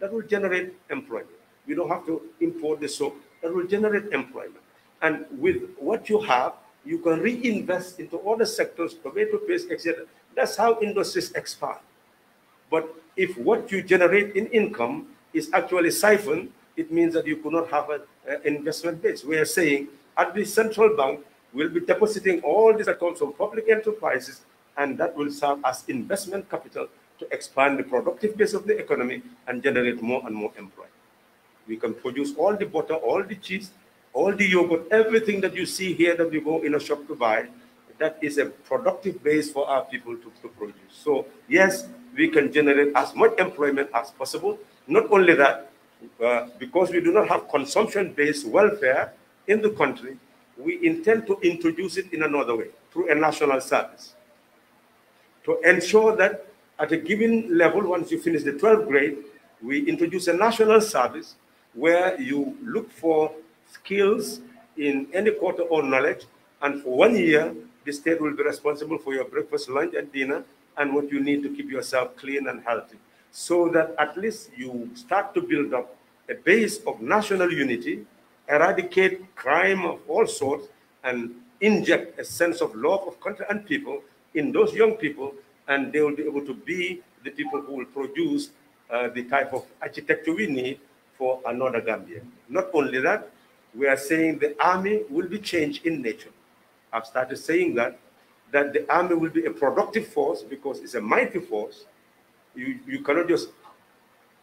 That will generate employment. We don't have to import the soap. That will generate employment. And with what you have, you can reinvest into other sectors, tomato paste, etc. That's how industries expand. But if what you generate in income is actually siphoned, it means that you could not have an investment base. We are saying at the central bank, we'll be depositing all these accounts of from public enterprises, and that will serve as investment capital to expand the productive base of the economy and generate more and more employment. We can produce all the butter, all the cheese, all the yogurt, everything that you see here that we go in a shop to buy, that is a productive base for our people to, to produce. So yes, we can generate as much employment as possible not only that, uh, because we do not have consumption-based welfare in the country, we intend to introduce it in another way, through a national service, to ensure that at a given level, once you finish the 12th grade, we introduce a national service where you look for skills in any quarter or knowledge, and for one year, the state will be responsible for your breakfast, lunch, and dinner, and what you need to keep yourself clean and healthy so that at least you start to build up a base of national unity, eradicate crime of all sorts, and inject a sense of love of country and people in those young people, and they will be able to be the people who will produce uh, the type of architecture we need for another Gambia. Not only that, we are saying the army will be changed in nature. I've started saying that, that the army will be a productive force because it's a mighty force, you, you cannot just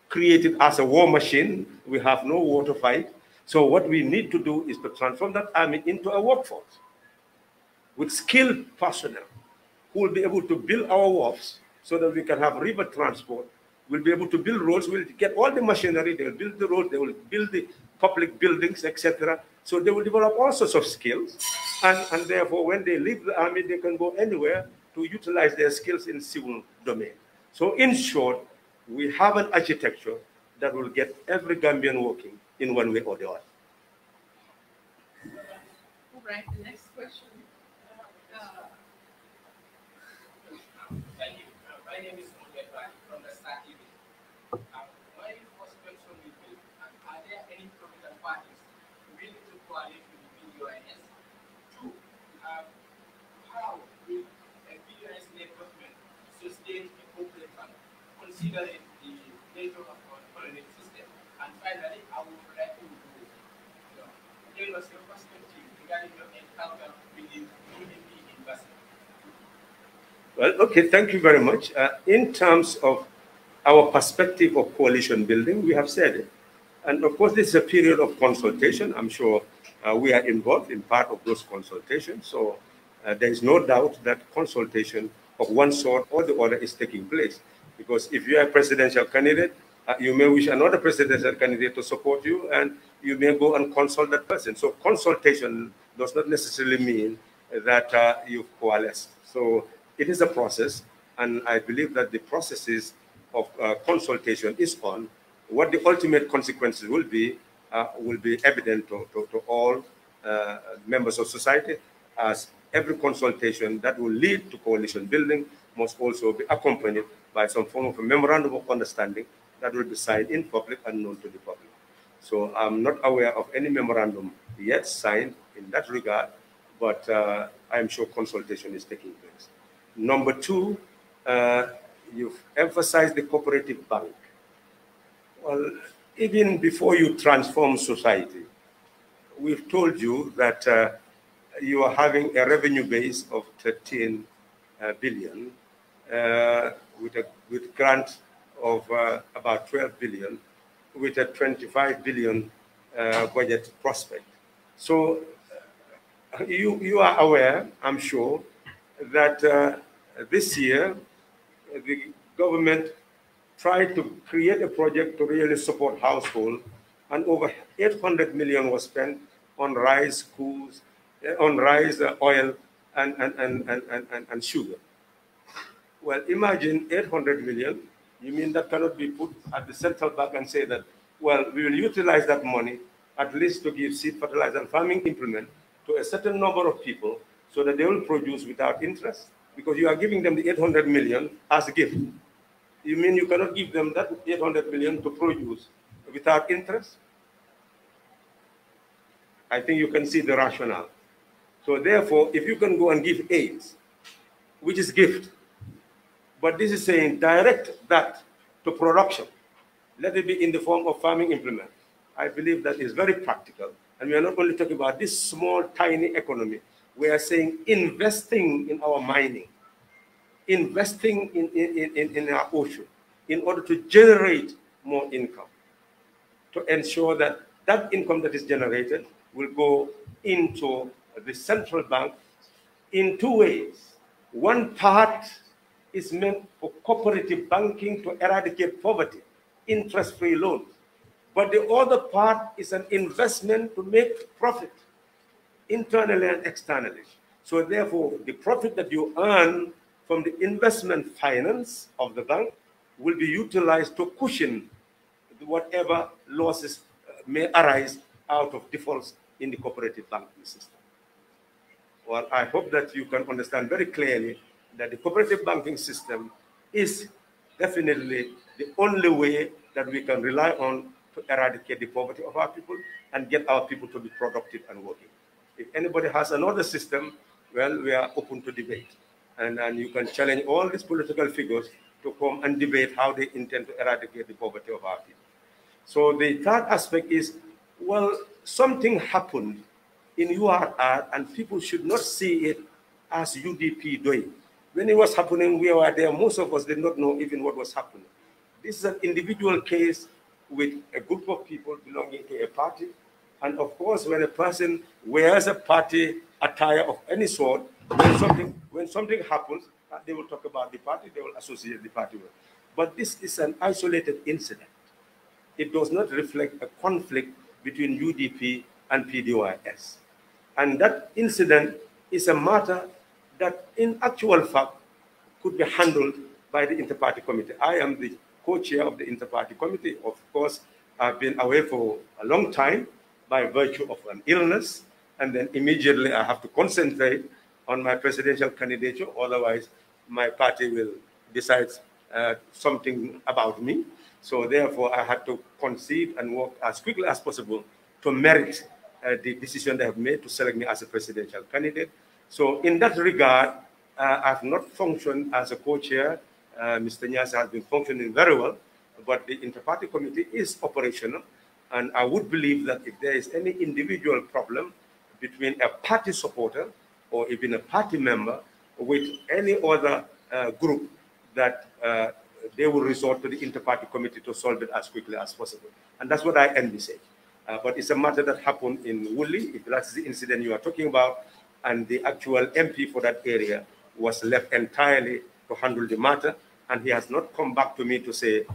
create it as a war machine. We have no war to fight. So what we need to do is to transform that army into a workforce with skilled personnel who will be able to build our wharves so that we can have river transport. We'll be able to build roads. We'll get all the machinery. They'll build the roads. They will build the public buildings, etc. So they will develop all sorts of skills. And, and therefore, when they leave the army, they can go anywhere to utilize their skills in civil domain. So in short, we have an architecture that will get every Gambian working in one way or the other. Right. the next question. Uh, uh, thank you. Uh, my name is considering the nature of our political system. And finally, I would like to you give us your perspective regarding your encounter with the UDP in Basel. Well, okay, thank you very much. Uh, in terms of our perspective of coalition building, we have said it. And of course, this is a period of consultation. I'm sure uh, we are involved in part of those consultations. So uh, there is no doubt that consultation of one sort or the other is taking place. Because if you are a presidential candidate, uh, you may wish another presidential candidate to support you, and you may go and consult that person. So consultation does not necessarily mean that uh, you've coalesced. So it is a process, and I believe that the processes of uh, consultation is on. What the ultimate consequences will be uh, will be evident to, to, to all uh, members of society as every consultation that will lead to coalition building must also be accompanied by some form of a memorandum of understanding that will be signed in public and known to the public. So I'm not aware of any memorandum yet signed in that regard, but uh, I'm sure consultation is taking place. Number two, uh, you've emphasized the cooperative bank. Well, even before you transform society, we've told you that uh, you are having a revenue base of 13 uh, billion. Uh, with, a, with of uh, about 12 billion with a 25 billion uh, budget prospect. So uh, you, you are aware, I'm sure, that uh, this year the government tried to create a project to really support households, and over 800 million was spent on rice, schools, uh, on rice, oil, and, and, and, and, and, and sugar. Well, imagine 800 million. You mean that cannot be put at the central bank and say that, well, we will utilize that money at least to give seed fertilizer and farming implement to a certain number of people so that they will produce without interest because you are giving them the 800 million as a gift. You mean you cannot give them that 800 million to produce without interest? I think you can see the rationale. So therefore, if you can go and give aids, which is gift, but this is saying direct that to production. Let it be in the form of farming implement. I believe that is very practical. And we are not only talking about this small, tiny economy. We are saying investing in our mining, investing in, in, in, in our ocean in order to generate more income, to ensure that that income that is generated will go into the central bank in two ways. One part is meant for cooperative banking to eradicate poverty, interest-free loans. But the other part is an investment to make profit, internally and externally. So therefore, the profit that you earn from the investment finance of the bank will be utilized to cushion whatever losses uh, may arise out of defaults in the cooperative banking system. Well, I hope that you can understand very clearly that the cooperative banking system is definitely the only way that we can rely on to eradicate the poverty of our people and get our people to be productive and working. If anybody has another system, well, we are open to debate. And, and you can challenge all these political figures to come and debate how they intend to eradicate the poverty of our people. So the third aspect is, well, something happened in URR and people should not see it as UDP doing. When it was happening, we were there. Most of us did not know even what was happening. This is an individual case with a group of people belonging to a party. And of course, when a person wears a party attire of any sort, when something, when something happens, uh, they will talk about the party, they will associate the party with. But this is an isolated incident. It does not reflect a conflict between UDP and PDYS. And that incident is a matter that in actual fact could be handled by the interparty committee. I am the co-chair of the interparty committee. Of course, I've been away for a long time by virtue of an illness, and then immediately I have to concentrate on my presidential candidature. Otherwise, my party will decide uh, something about me. So therefore, I had to concede and work as quickly as possible to merit uh, the decision they have made to select me as a presidential candidate. So in that regard, uh, I've not functioned as a co-chair. Uh, Mr. Nias has been functioning very well, but the inter-party committee is operational. And I would believe that if there is any individual problem between a party supporter or even a party member with any other uh, group, that uh, they will resort to the inter-party committee to solve it as quickly as possible. And that's what I envisage. Uh, but it's a matter that happened in Woolley. If that's the incident you are talking about, and the actual MP for that area was left entirely to handle the matter, and he has not come back to me to say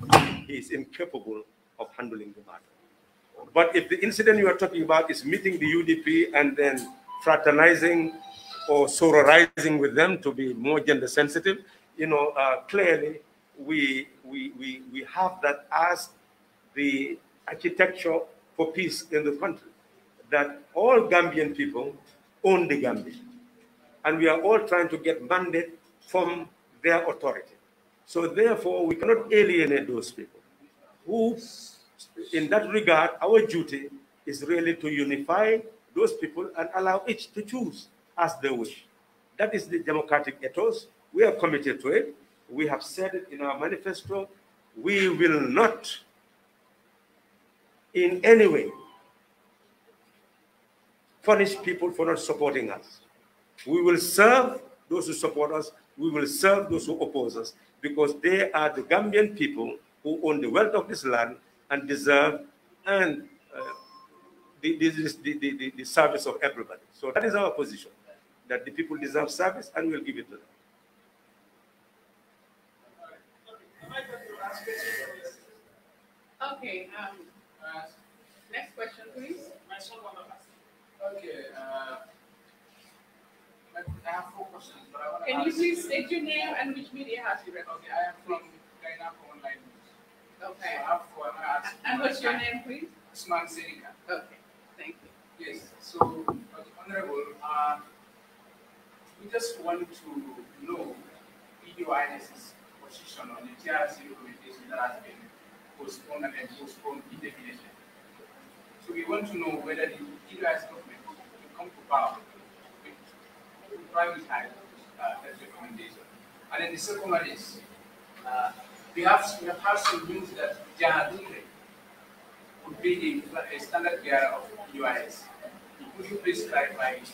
he is incapable of handling the matter. But if the incident you are talking about is meeting the UDP and then fraternizing or sororizing with them to be more gender sensitive, you know, uh, clearly we, we, we, we have that as the architecture for peace in the country, that all Gambian people own the Gambia. And we are all trying to get mandate from their authority. So therefore, we cannot alienate those people. Who, in that regard, our duty is really to unify those people and allow each to choose as they wish. That is the democratic ethos. We are committed to it. We have said it in our manifesto. We will not in any way punish people for not supporting us. We will serve those who support us. We will serve those who oppose us because they are the Gambian people who own the wealth of this land and deserve and uh, the, the, the, the, service of everybody. So that is our position, that the people deserve service and we'll give it to them. Okay, um, next question, please. Okay. Uh, I have four questions, but I want to. Can you please state your name and which media has you read? Okay, I am from Ghana Online News. Okay. So I have four. I'm ask and what's your name, please? Usman Okay. Thank you. Yes. So, uh, honorable, uh, we just want to know EUIS's position on the TRC recommendation that has been postponed and postponed indefinitely. So we want to know whether the UIs government will come to power with prioritize uh, that recommendation. And then the second one is uh, we have we have had some news that Jahadure would be the standard bearer of UIS. Could you please clarify it?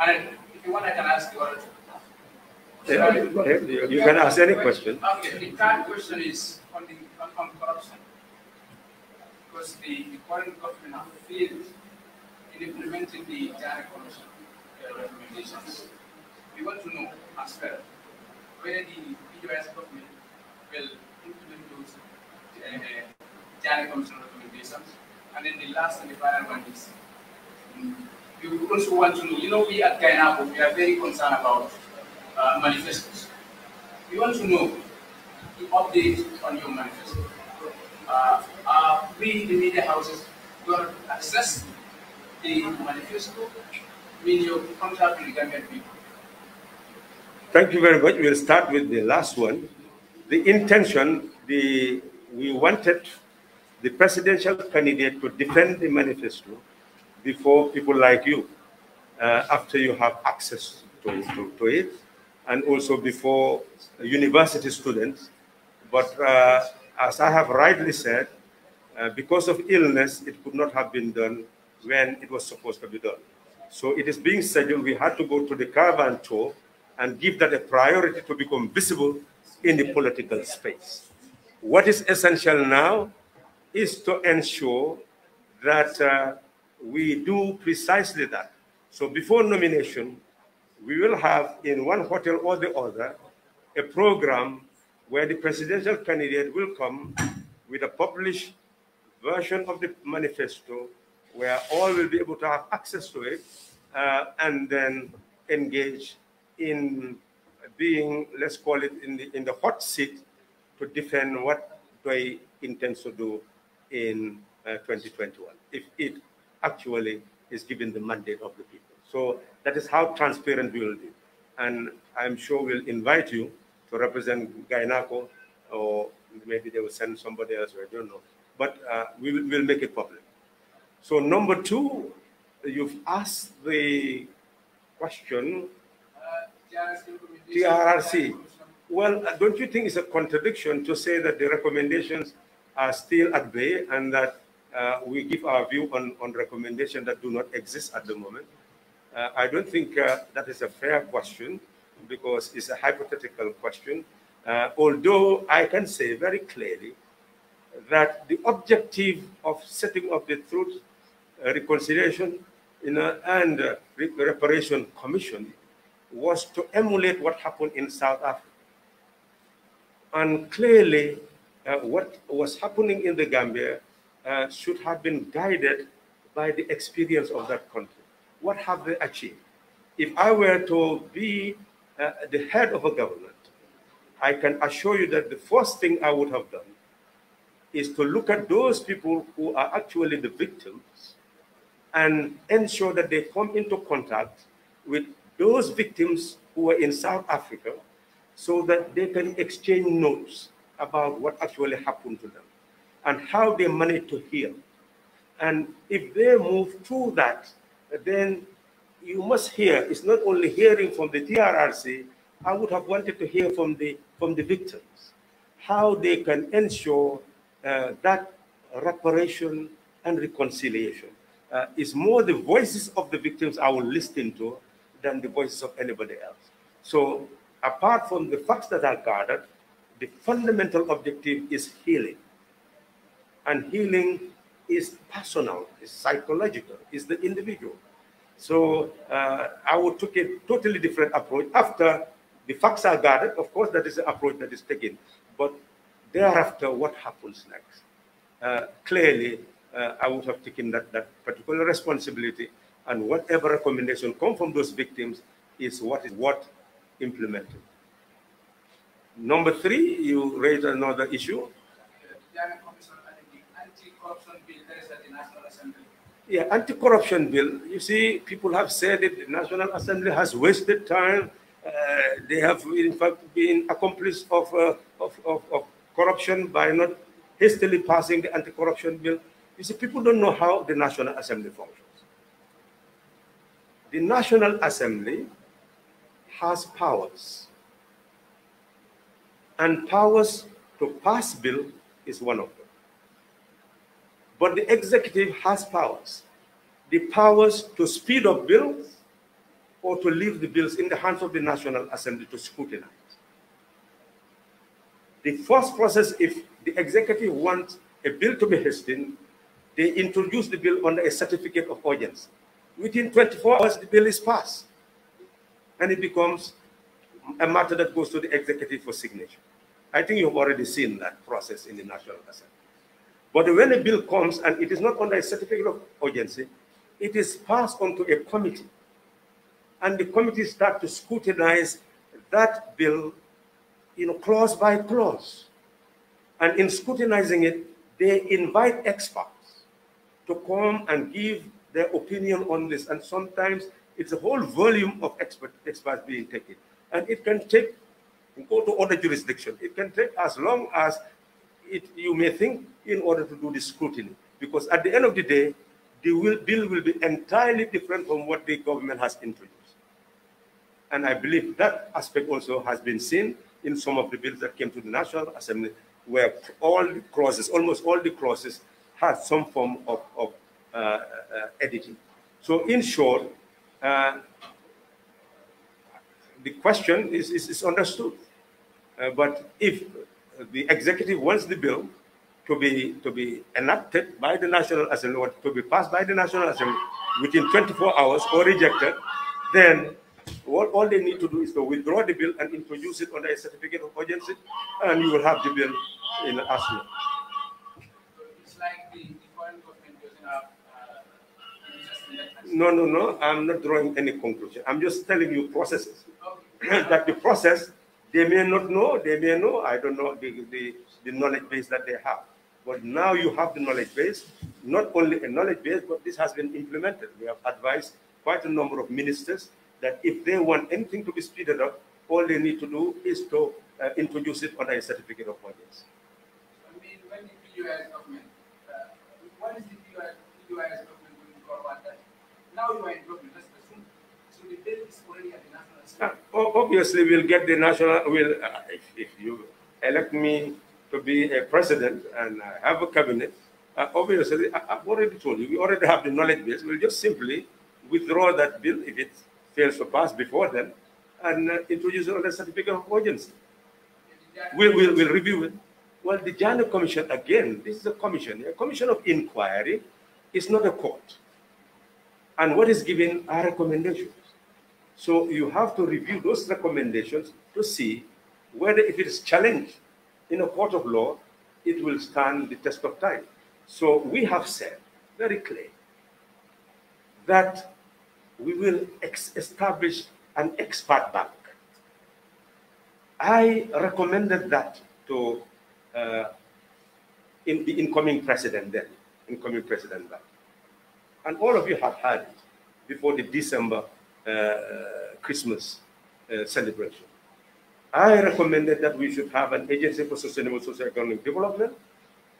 And if you want, I can ask the orator. Yeah, you, you can ask any question. Okay, the third question is on, the, on corruption because the, current government have failed in implementing the direct corruption uh, recommendations. We want to know as well whether the US government will implement those uh, commission recommendations. And then the last and the final one is mm, we also want to know, you know, we at Kainabo, we are very concerned about uh, manifestos. We want to know the update on your manifesto uh, are uh, we, the media houses, going to the manifesto contact the Gambian people? Thank you very much. We'll start with the last one. The intention, the we wanted the presidential candidate to defend the manifesto before people like you, uh, after you have access to, to, to, it, and also before university students. But uh, as I have rightly said, uh, because of illness, it could not have been done when it was supposed to be done. So it is being scheduled. We had to go to the caravan tour and give that a priority to become visible in the political space. What is essential now is to ensure that uh, we do precisely that. So before nomination, we will have in one hotel or the other a program where the presidential candidate will come with a published version of the manifesto where all will be able to have access to it uh, and then engage in being, let's call it, in the, in the hot seat to defend what they intend to do in uh, 2021, if it actually is given the mandate of the people. So that is how transparent we will be. And I'm sure we'll invite you to represent Gainaco, or maybe they will send somebody else, I don't know. But uh, we will we'll make it public. So number two, you've asked the question, uh, TRRC. Well, don't you think it's a contradiction to say that the recommendations are still at bay and that uh, we give our view on, on recommendations that do not exist at the moment? Uh, I don't think uh, that is a fair question because it's a hypothetical question. Uh, although I can say very clearly that the objective of setting up the Truth, uh, Reconciliation you know, and uh, Reparation Commission was to emulate what happened in South Africa. And clearly, uh, what was happening in the Gambia uh, should have been guided by the experience of that country. What have they achieved? If I were to be uh, the head of a government, I can assure you that the first thing I would have done is to look at those people who are actually the victims and ensure that they come into contact with those victims who are in South Africa so that they can exchange notes about what actually happened to them and how they managed to heal. And if they move through that, then you must hear. It's not only hearing from the TRRC. I would have wanted to hear from the from the victims how they can ensure uh, that reparation and reconciliation. Uh, it's more the voices of the victims I will listen to than the voices of anybody else. So apart from the facts that are gathered, the fundamental objective is healing. And healing is personal, It's psychological, It's the individual. So uh, I would take a totally different approach. After the facts are gathered, of course, that is the approach that is taken. But thereafter, what happens next? Uh, clearly, uh, I would have taken that, that particular responsibility, and whatever recommendation come from those victims is what is what implemented. Number three, you raised another issue Yeah, anti-corruption bill. You see, people have said that The National Assembly has wasted time. Uh, they have, in fact, been accomplice of, uh, of, of, of, corruption by not hastily passing the anti-corruption bill. You see, people don't know how the National Assembly functions. The National Assembly has powers. And powers to pass bill is one of them. But the executive has powers the powers to speed up bills or to leave the bills in the hands of the National Assembly to scrutinize. The first process, if the executive wants a bill to be hastened, they introduce the bill under a certificate of urgency. Within 24 hours, the bill is passed, and it becomes a matter that goes to the executive for signature. I think you've already seen that process in the National Assembly. But when a bill comes and it is not under a certificate of urgency, it is passed on to a committee. And the committee starts to scrutinize that bill, you know, clause by clause. And in scrutinizing it, they invite experts to come and give their opinion on this. And sometimes it's a whole volume of expert, experts being taken. And it can take, go to other jurisdiction. It can take as long as it, you may think in order to do the scrutiny. Because at the end of the day, the will, bill will be entirely different from what the government has introduced. And I believe that aspect also has been seen in some of the bills that came to the National Assembly, where all the clauses, almost all the clauses, had some form of, of uh, uh, editing. So in short, uh, the question is, is, is understood. Uh, but if the executive wants the bill, to be to be enacted by the National Assembly or to be passed by the National Assembly within 24 hours or rejected, then all, all they need to do is to withdraw the bill and introduce it under a certificate of urgency, and you will have the bill in Asma. the, uh, no, no, no. I'm not drawing any conclusion. I'm just telling you processes. that the process, they may not know, they may know. I don't know the, the, the knowledge base that they have. But now you have the knowledge base, not only a knowledge base, but this has been implemented. We have advised quite a number of ministers that if they want anything to be speeded up, all they need to do is to uh, introduce it under a certificate of audience. I mean, when the PUIS government, uh, what is the PUIS, PUIS government going to go about that? Now you are in government, let's assume. So the date is already at the national uh, obviously, we'll get the national, will uh, if, if you elect me to be a president and uh, have a cabinet, uh, obviously, I, have already told you, we already have the knowledge base. We'll just simply withdraw that bill if it fails to pass before then and uh, introduce another certificate of urgency. We'll, we'll, we'll review it. Well, the Janu Commission, again, this is a commission. A commission of inquiry is not a court. And what is given are recommendations. So you have to review those recommendations to see whether if it is challenged in a court of law, it will stand the test of time. So we have said very clear that we will establish an expert bank. I recommended that to uh, in the incoming president then, incoming president then. And all of you have heard it before the December uh, Christmas uh, celebration. I recommended that we should have an agency for sustainable socio-economic development,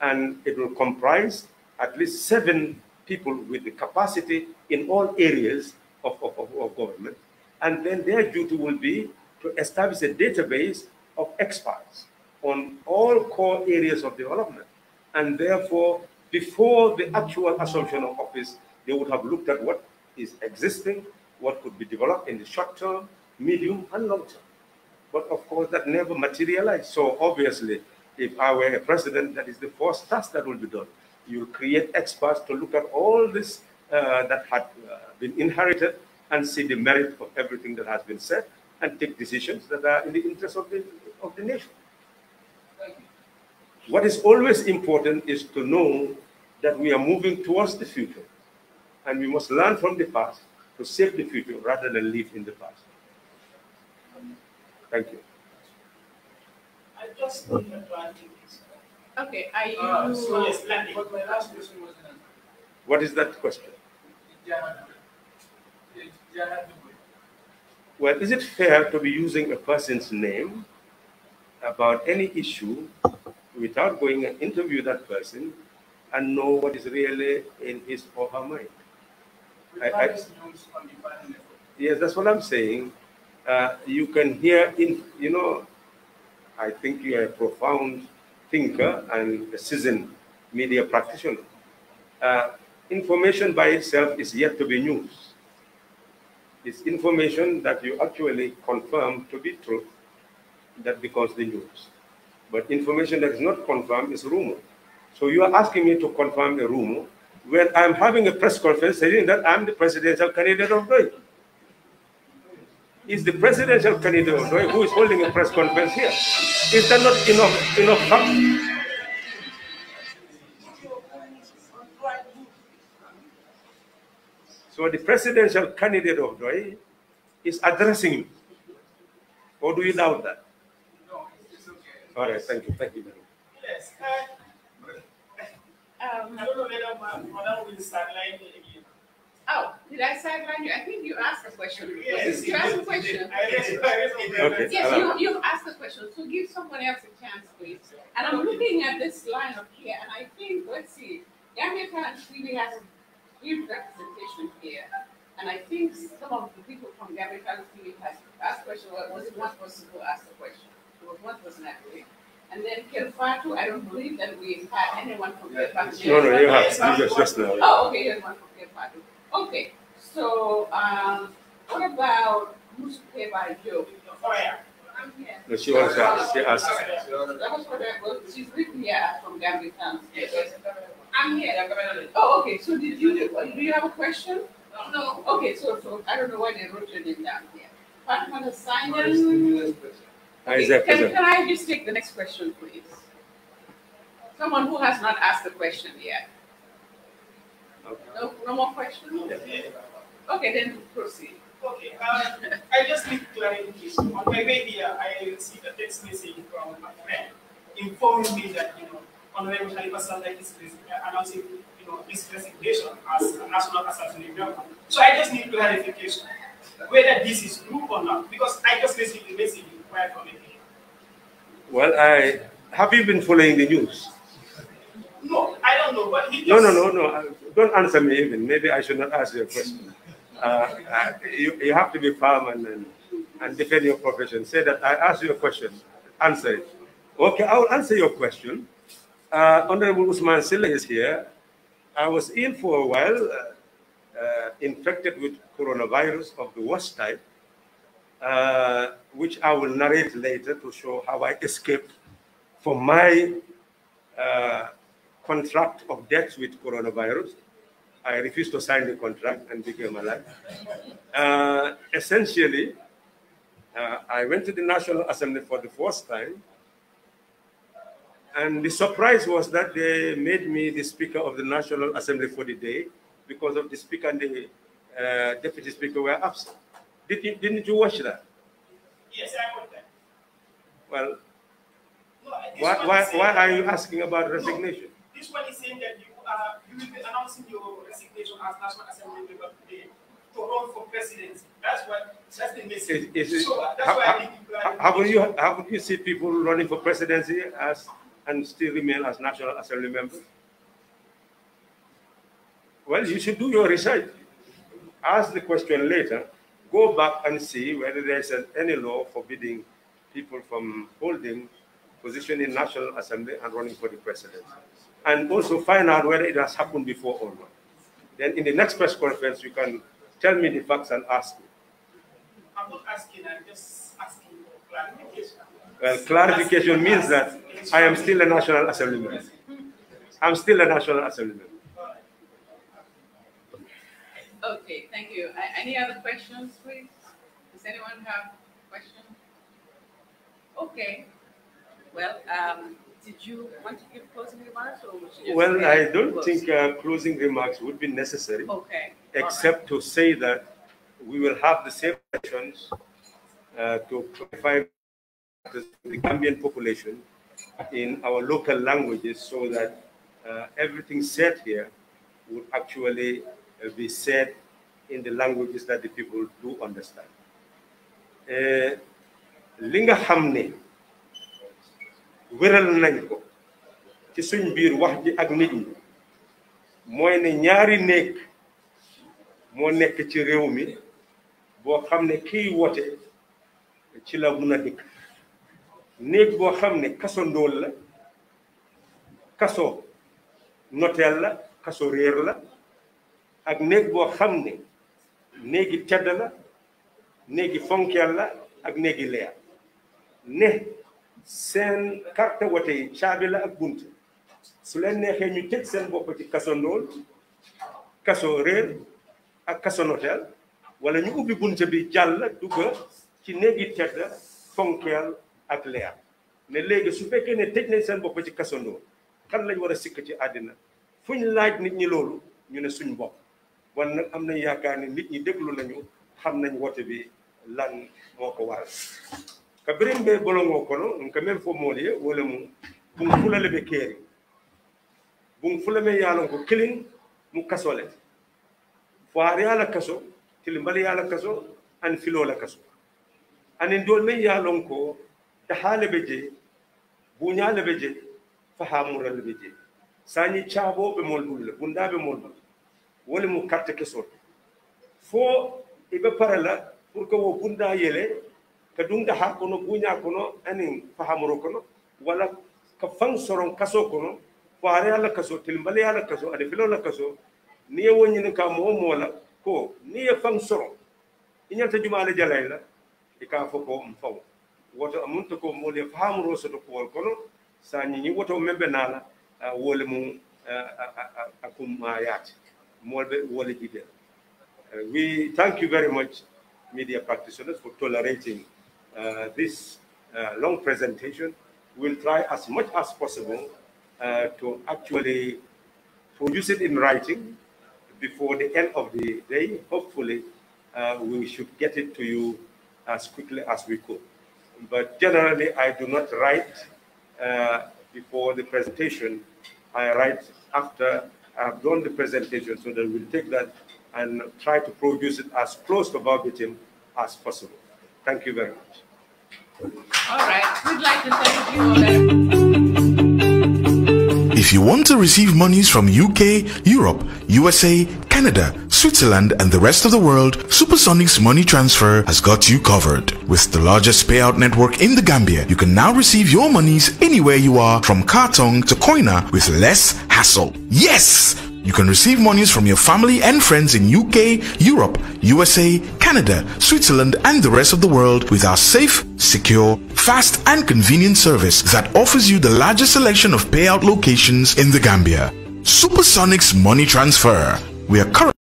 and it will comprise at least seven people with the capacity in all areas of, of, of, government. And then their duty will be to establish a database of experts on all core areas of development. And therefore, before the actual assumption of office, they would have looked at what is existing, what could be developed in the short term, medium, and long term. But of course, that never materialized. So obviously, if I were a president, that is the first task that will be done. You create experts to look at all this uh, that had uh, been inherited and see the merit of everything that has been said and take decisions that are in the interest of the, of the nation. What is always important is to know that we are moving towards the future and we must learn from the past to save the future rather than live in the past. Thank you. I just need to add this. Okay, are you? Uh, so uh, yes, But my last question was What is that question? Well, is it fair to be using a person's name about any issue without going and interview that person and know what is really in his or her mind? I, I, yes, that's what I'm saying uh, you can hear, in, you know, I think you are a profound thinker and a seasoned media practitioner. Uh, information by itself is yet to be news. It's information that you actually confirm to be true that becomes the news. But information that is not confirmed is rumor. So you are asking me to confirm a rumor when I'm having a press conference saying that I'm the presidential candidate of the is the presidential candidate who is holding a press conference here. Is that not enough enough So the presidential candidate of Doi is addressing you. Or do you doubt that? No, it's okay. All right, thank you. Thank you very much. Yes. Uh, um, I don't know whether will start Oh, did I sideline you? I think you asked a question. Yes. you asked a question. Okay. Yes, you, you asked a question. So give someone else a chance, please. And I'm looking at this line up here, and I think, let's see, Gambia Town has a good representation here. And I think some of the people from Gambia Town TV has asked What Was it one person who asked a question? It was one person, actually. And then Kelfatu, I don't believe that we had anyone from Kelfatu. No, no, you have. just, just now. Oh, okay, you had one from Kelfatu. Okay, so um, what about who's paid by you? Joe? No, she always asked. She asked. That was for that. Well, she's written here from Gambia Town. Yes. I'm here. Oh, okay. So did you do you have a question? No. Okay. So, so I don't know why they wrote your name down here. I'm gonna Partner Simon. Okay, can, can I just take the next question, please? Someone who has not asked the question yet. No, no more questions? Okay, then proceed. Okay, uh, I just need clarification. On my way here, I received a text message from my friend informing me that, you know, Honorable Khalifa Saleh is uh, announcing, you know, this resignation as a national assassination So I just need clarification whether this is true or not, because I just received the message while coming Well, I have you been following the news? No, I don't know, but he No, no, no, no. Uh, don't answer me even. Maybe I should not ask you a question. Uh, uh, you, you have to be firm and, and, and defend your profession. Say that I ask you a question. Answer it. Okay, I will answer your question. Uh, Honorable Usman Silla is here. I was ill for a while, uh, uh, infected with coronavirus of the worst type, which I will narrate later to show how I escaped from my uh, contract of death with coronavirus. I refused to sign the contract and became alive. Uh, essentially, uh, I went to the National Assembly for the first time. And the surprise was that they made me the Speaker of the National Assembly for the day because of the Speaker and the uh, Deputy Speaker were absent. Did you, didn't you watch that? Yes, I watched that. Well, no, why, why, why are you asking about resignation? this one is saying that you are you will be announcing your resignation as National Assembly member today to run for president. That's what that's the message. Is, is so that's ha, why ha, I you have you have you see people running for presidency as and still remain as National Assembly members? Well, you should do your research. Ask the question later. Go back and see whether there's any law forbidding people from holding position in National Assembly and running for the presidency and also find out whether it has happened before or not. Then in the next press conference, you can tell me the facts and ask me. I'm not asking, I'm just asking for clarification. Well, clarification means that I am still a National Assembly member. I'm still a National Assembly member. Okay, thank you. Any other questions, please? Does anyone have a question? Okay. Well, um, did you want to give closing remarks or Well, I don't close? think uh, closing remarks would be necessary. Okay. Except right. to say that we will have the same questions uh, to clarify the Gambian population in our local languages so that uh, everything said here would actually uh, be said in the languages that the people do understand. Uh, Linga Hamne. wëral nañ ko ci suñ biir wax ji ak nit ñi mooy ne ñaari néeg moo nekk ci réew mi boo xam ne kiy wote ci la mun a dëkk néeg boo xam ne kaso ndóol la kaso noteel la kaso réer la ak néeg boo xam ne néegi tedd la néegi fonkeel la ak néegi leer ne seen carte wote yi caabi la ak bunt su leen neexee ñu tëj seen bopp ci kaso ndóol kaso réer ak kaso noteel wala ñu ubbi bunt bi jàll dugga ci néegi tedd fonkeel ak leer ne léegi su fekkee ne tëj nañ seen bopp ci kaso ndóol kan lañ war a sikk ci àddina fuñ laaj nit ñi loolu ñu ne suñ bopp wan nag am nañ yaakaar ni nit ñi déglu nañu xam nañ wote bi lan moo ko waral kabirin be bolongo kono nka men fo mool ye wo le mu bun fula le be keeri bun fula me ye a lon ko kilin mu kaso le ti faariya la kaso tilimbaliya la kaso ani filoo la kaso aniŋ dool men ye a lon ko tahaa le be je buuñaa le be je fahaamura le be je saañi caaboo be moolu bulu le bundaa be moolu bulu wo le mu karte kesoo fo i be pare la pour que wo bundaa yele ka dunga ha kono guña kono anin fahamoro kono wala ka fan soron kaso kono faare ala kaso tilimbale ala kaso ade filo ala kaso ni ye wo ñini ka moo moo la ko ni ye fan soro i ñanta ala jalay la i e ka fo ko m faw woto to ko moolu ye fahamoro soto kuwol kono sa ñiñi woto membe be wole mu a kummayaate moolu be wole jide we thank you very much media practitioners for tolerating Uh, this uh, long presentation, we'll try as much as possible uh, to actually produce it in writing before the end of the day. Hopefully, we should get it to you as quickly as we could. But generally, I do not write before the presentation. I write after I've done the presentation so that we'll take that and try to produce it as close to verbatim as possible. Thank you very much. All right. We'd like to thank you If you want to receive monies from UK, Europe, USA, Canada, Switzerland and the rest of the world, Supersonic's money transfer has got you covered. With the largest payout network in the Gambia, you can now receive your monies anywhere you are from Kartong to Koina with less hassle. Yes! You can receive monies from your family and friends in UK, Europe, USA, Canada, Switzerland, and the rest of the world with our safe, secure, fast, and convenient service that offers you the largest selection of payout locations in the Gambia. Supersonics Money Transfer. We are currently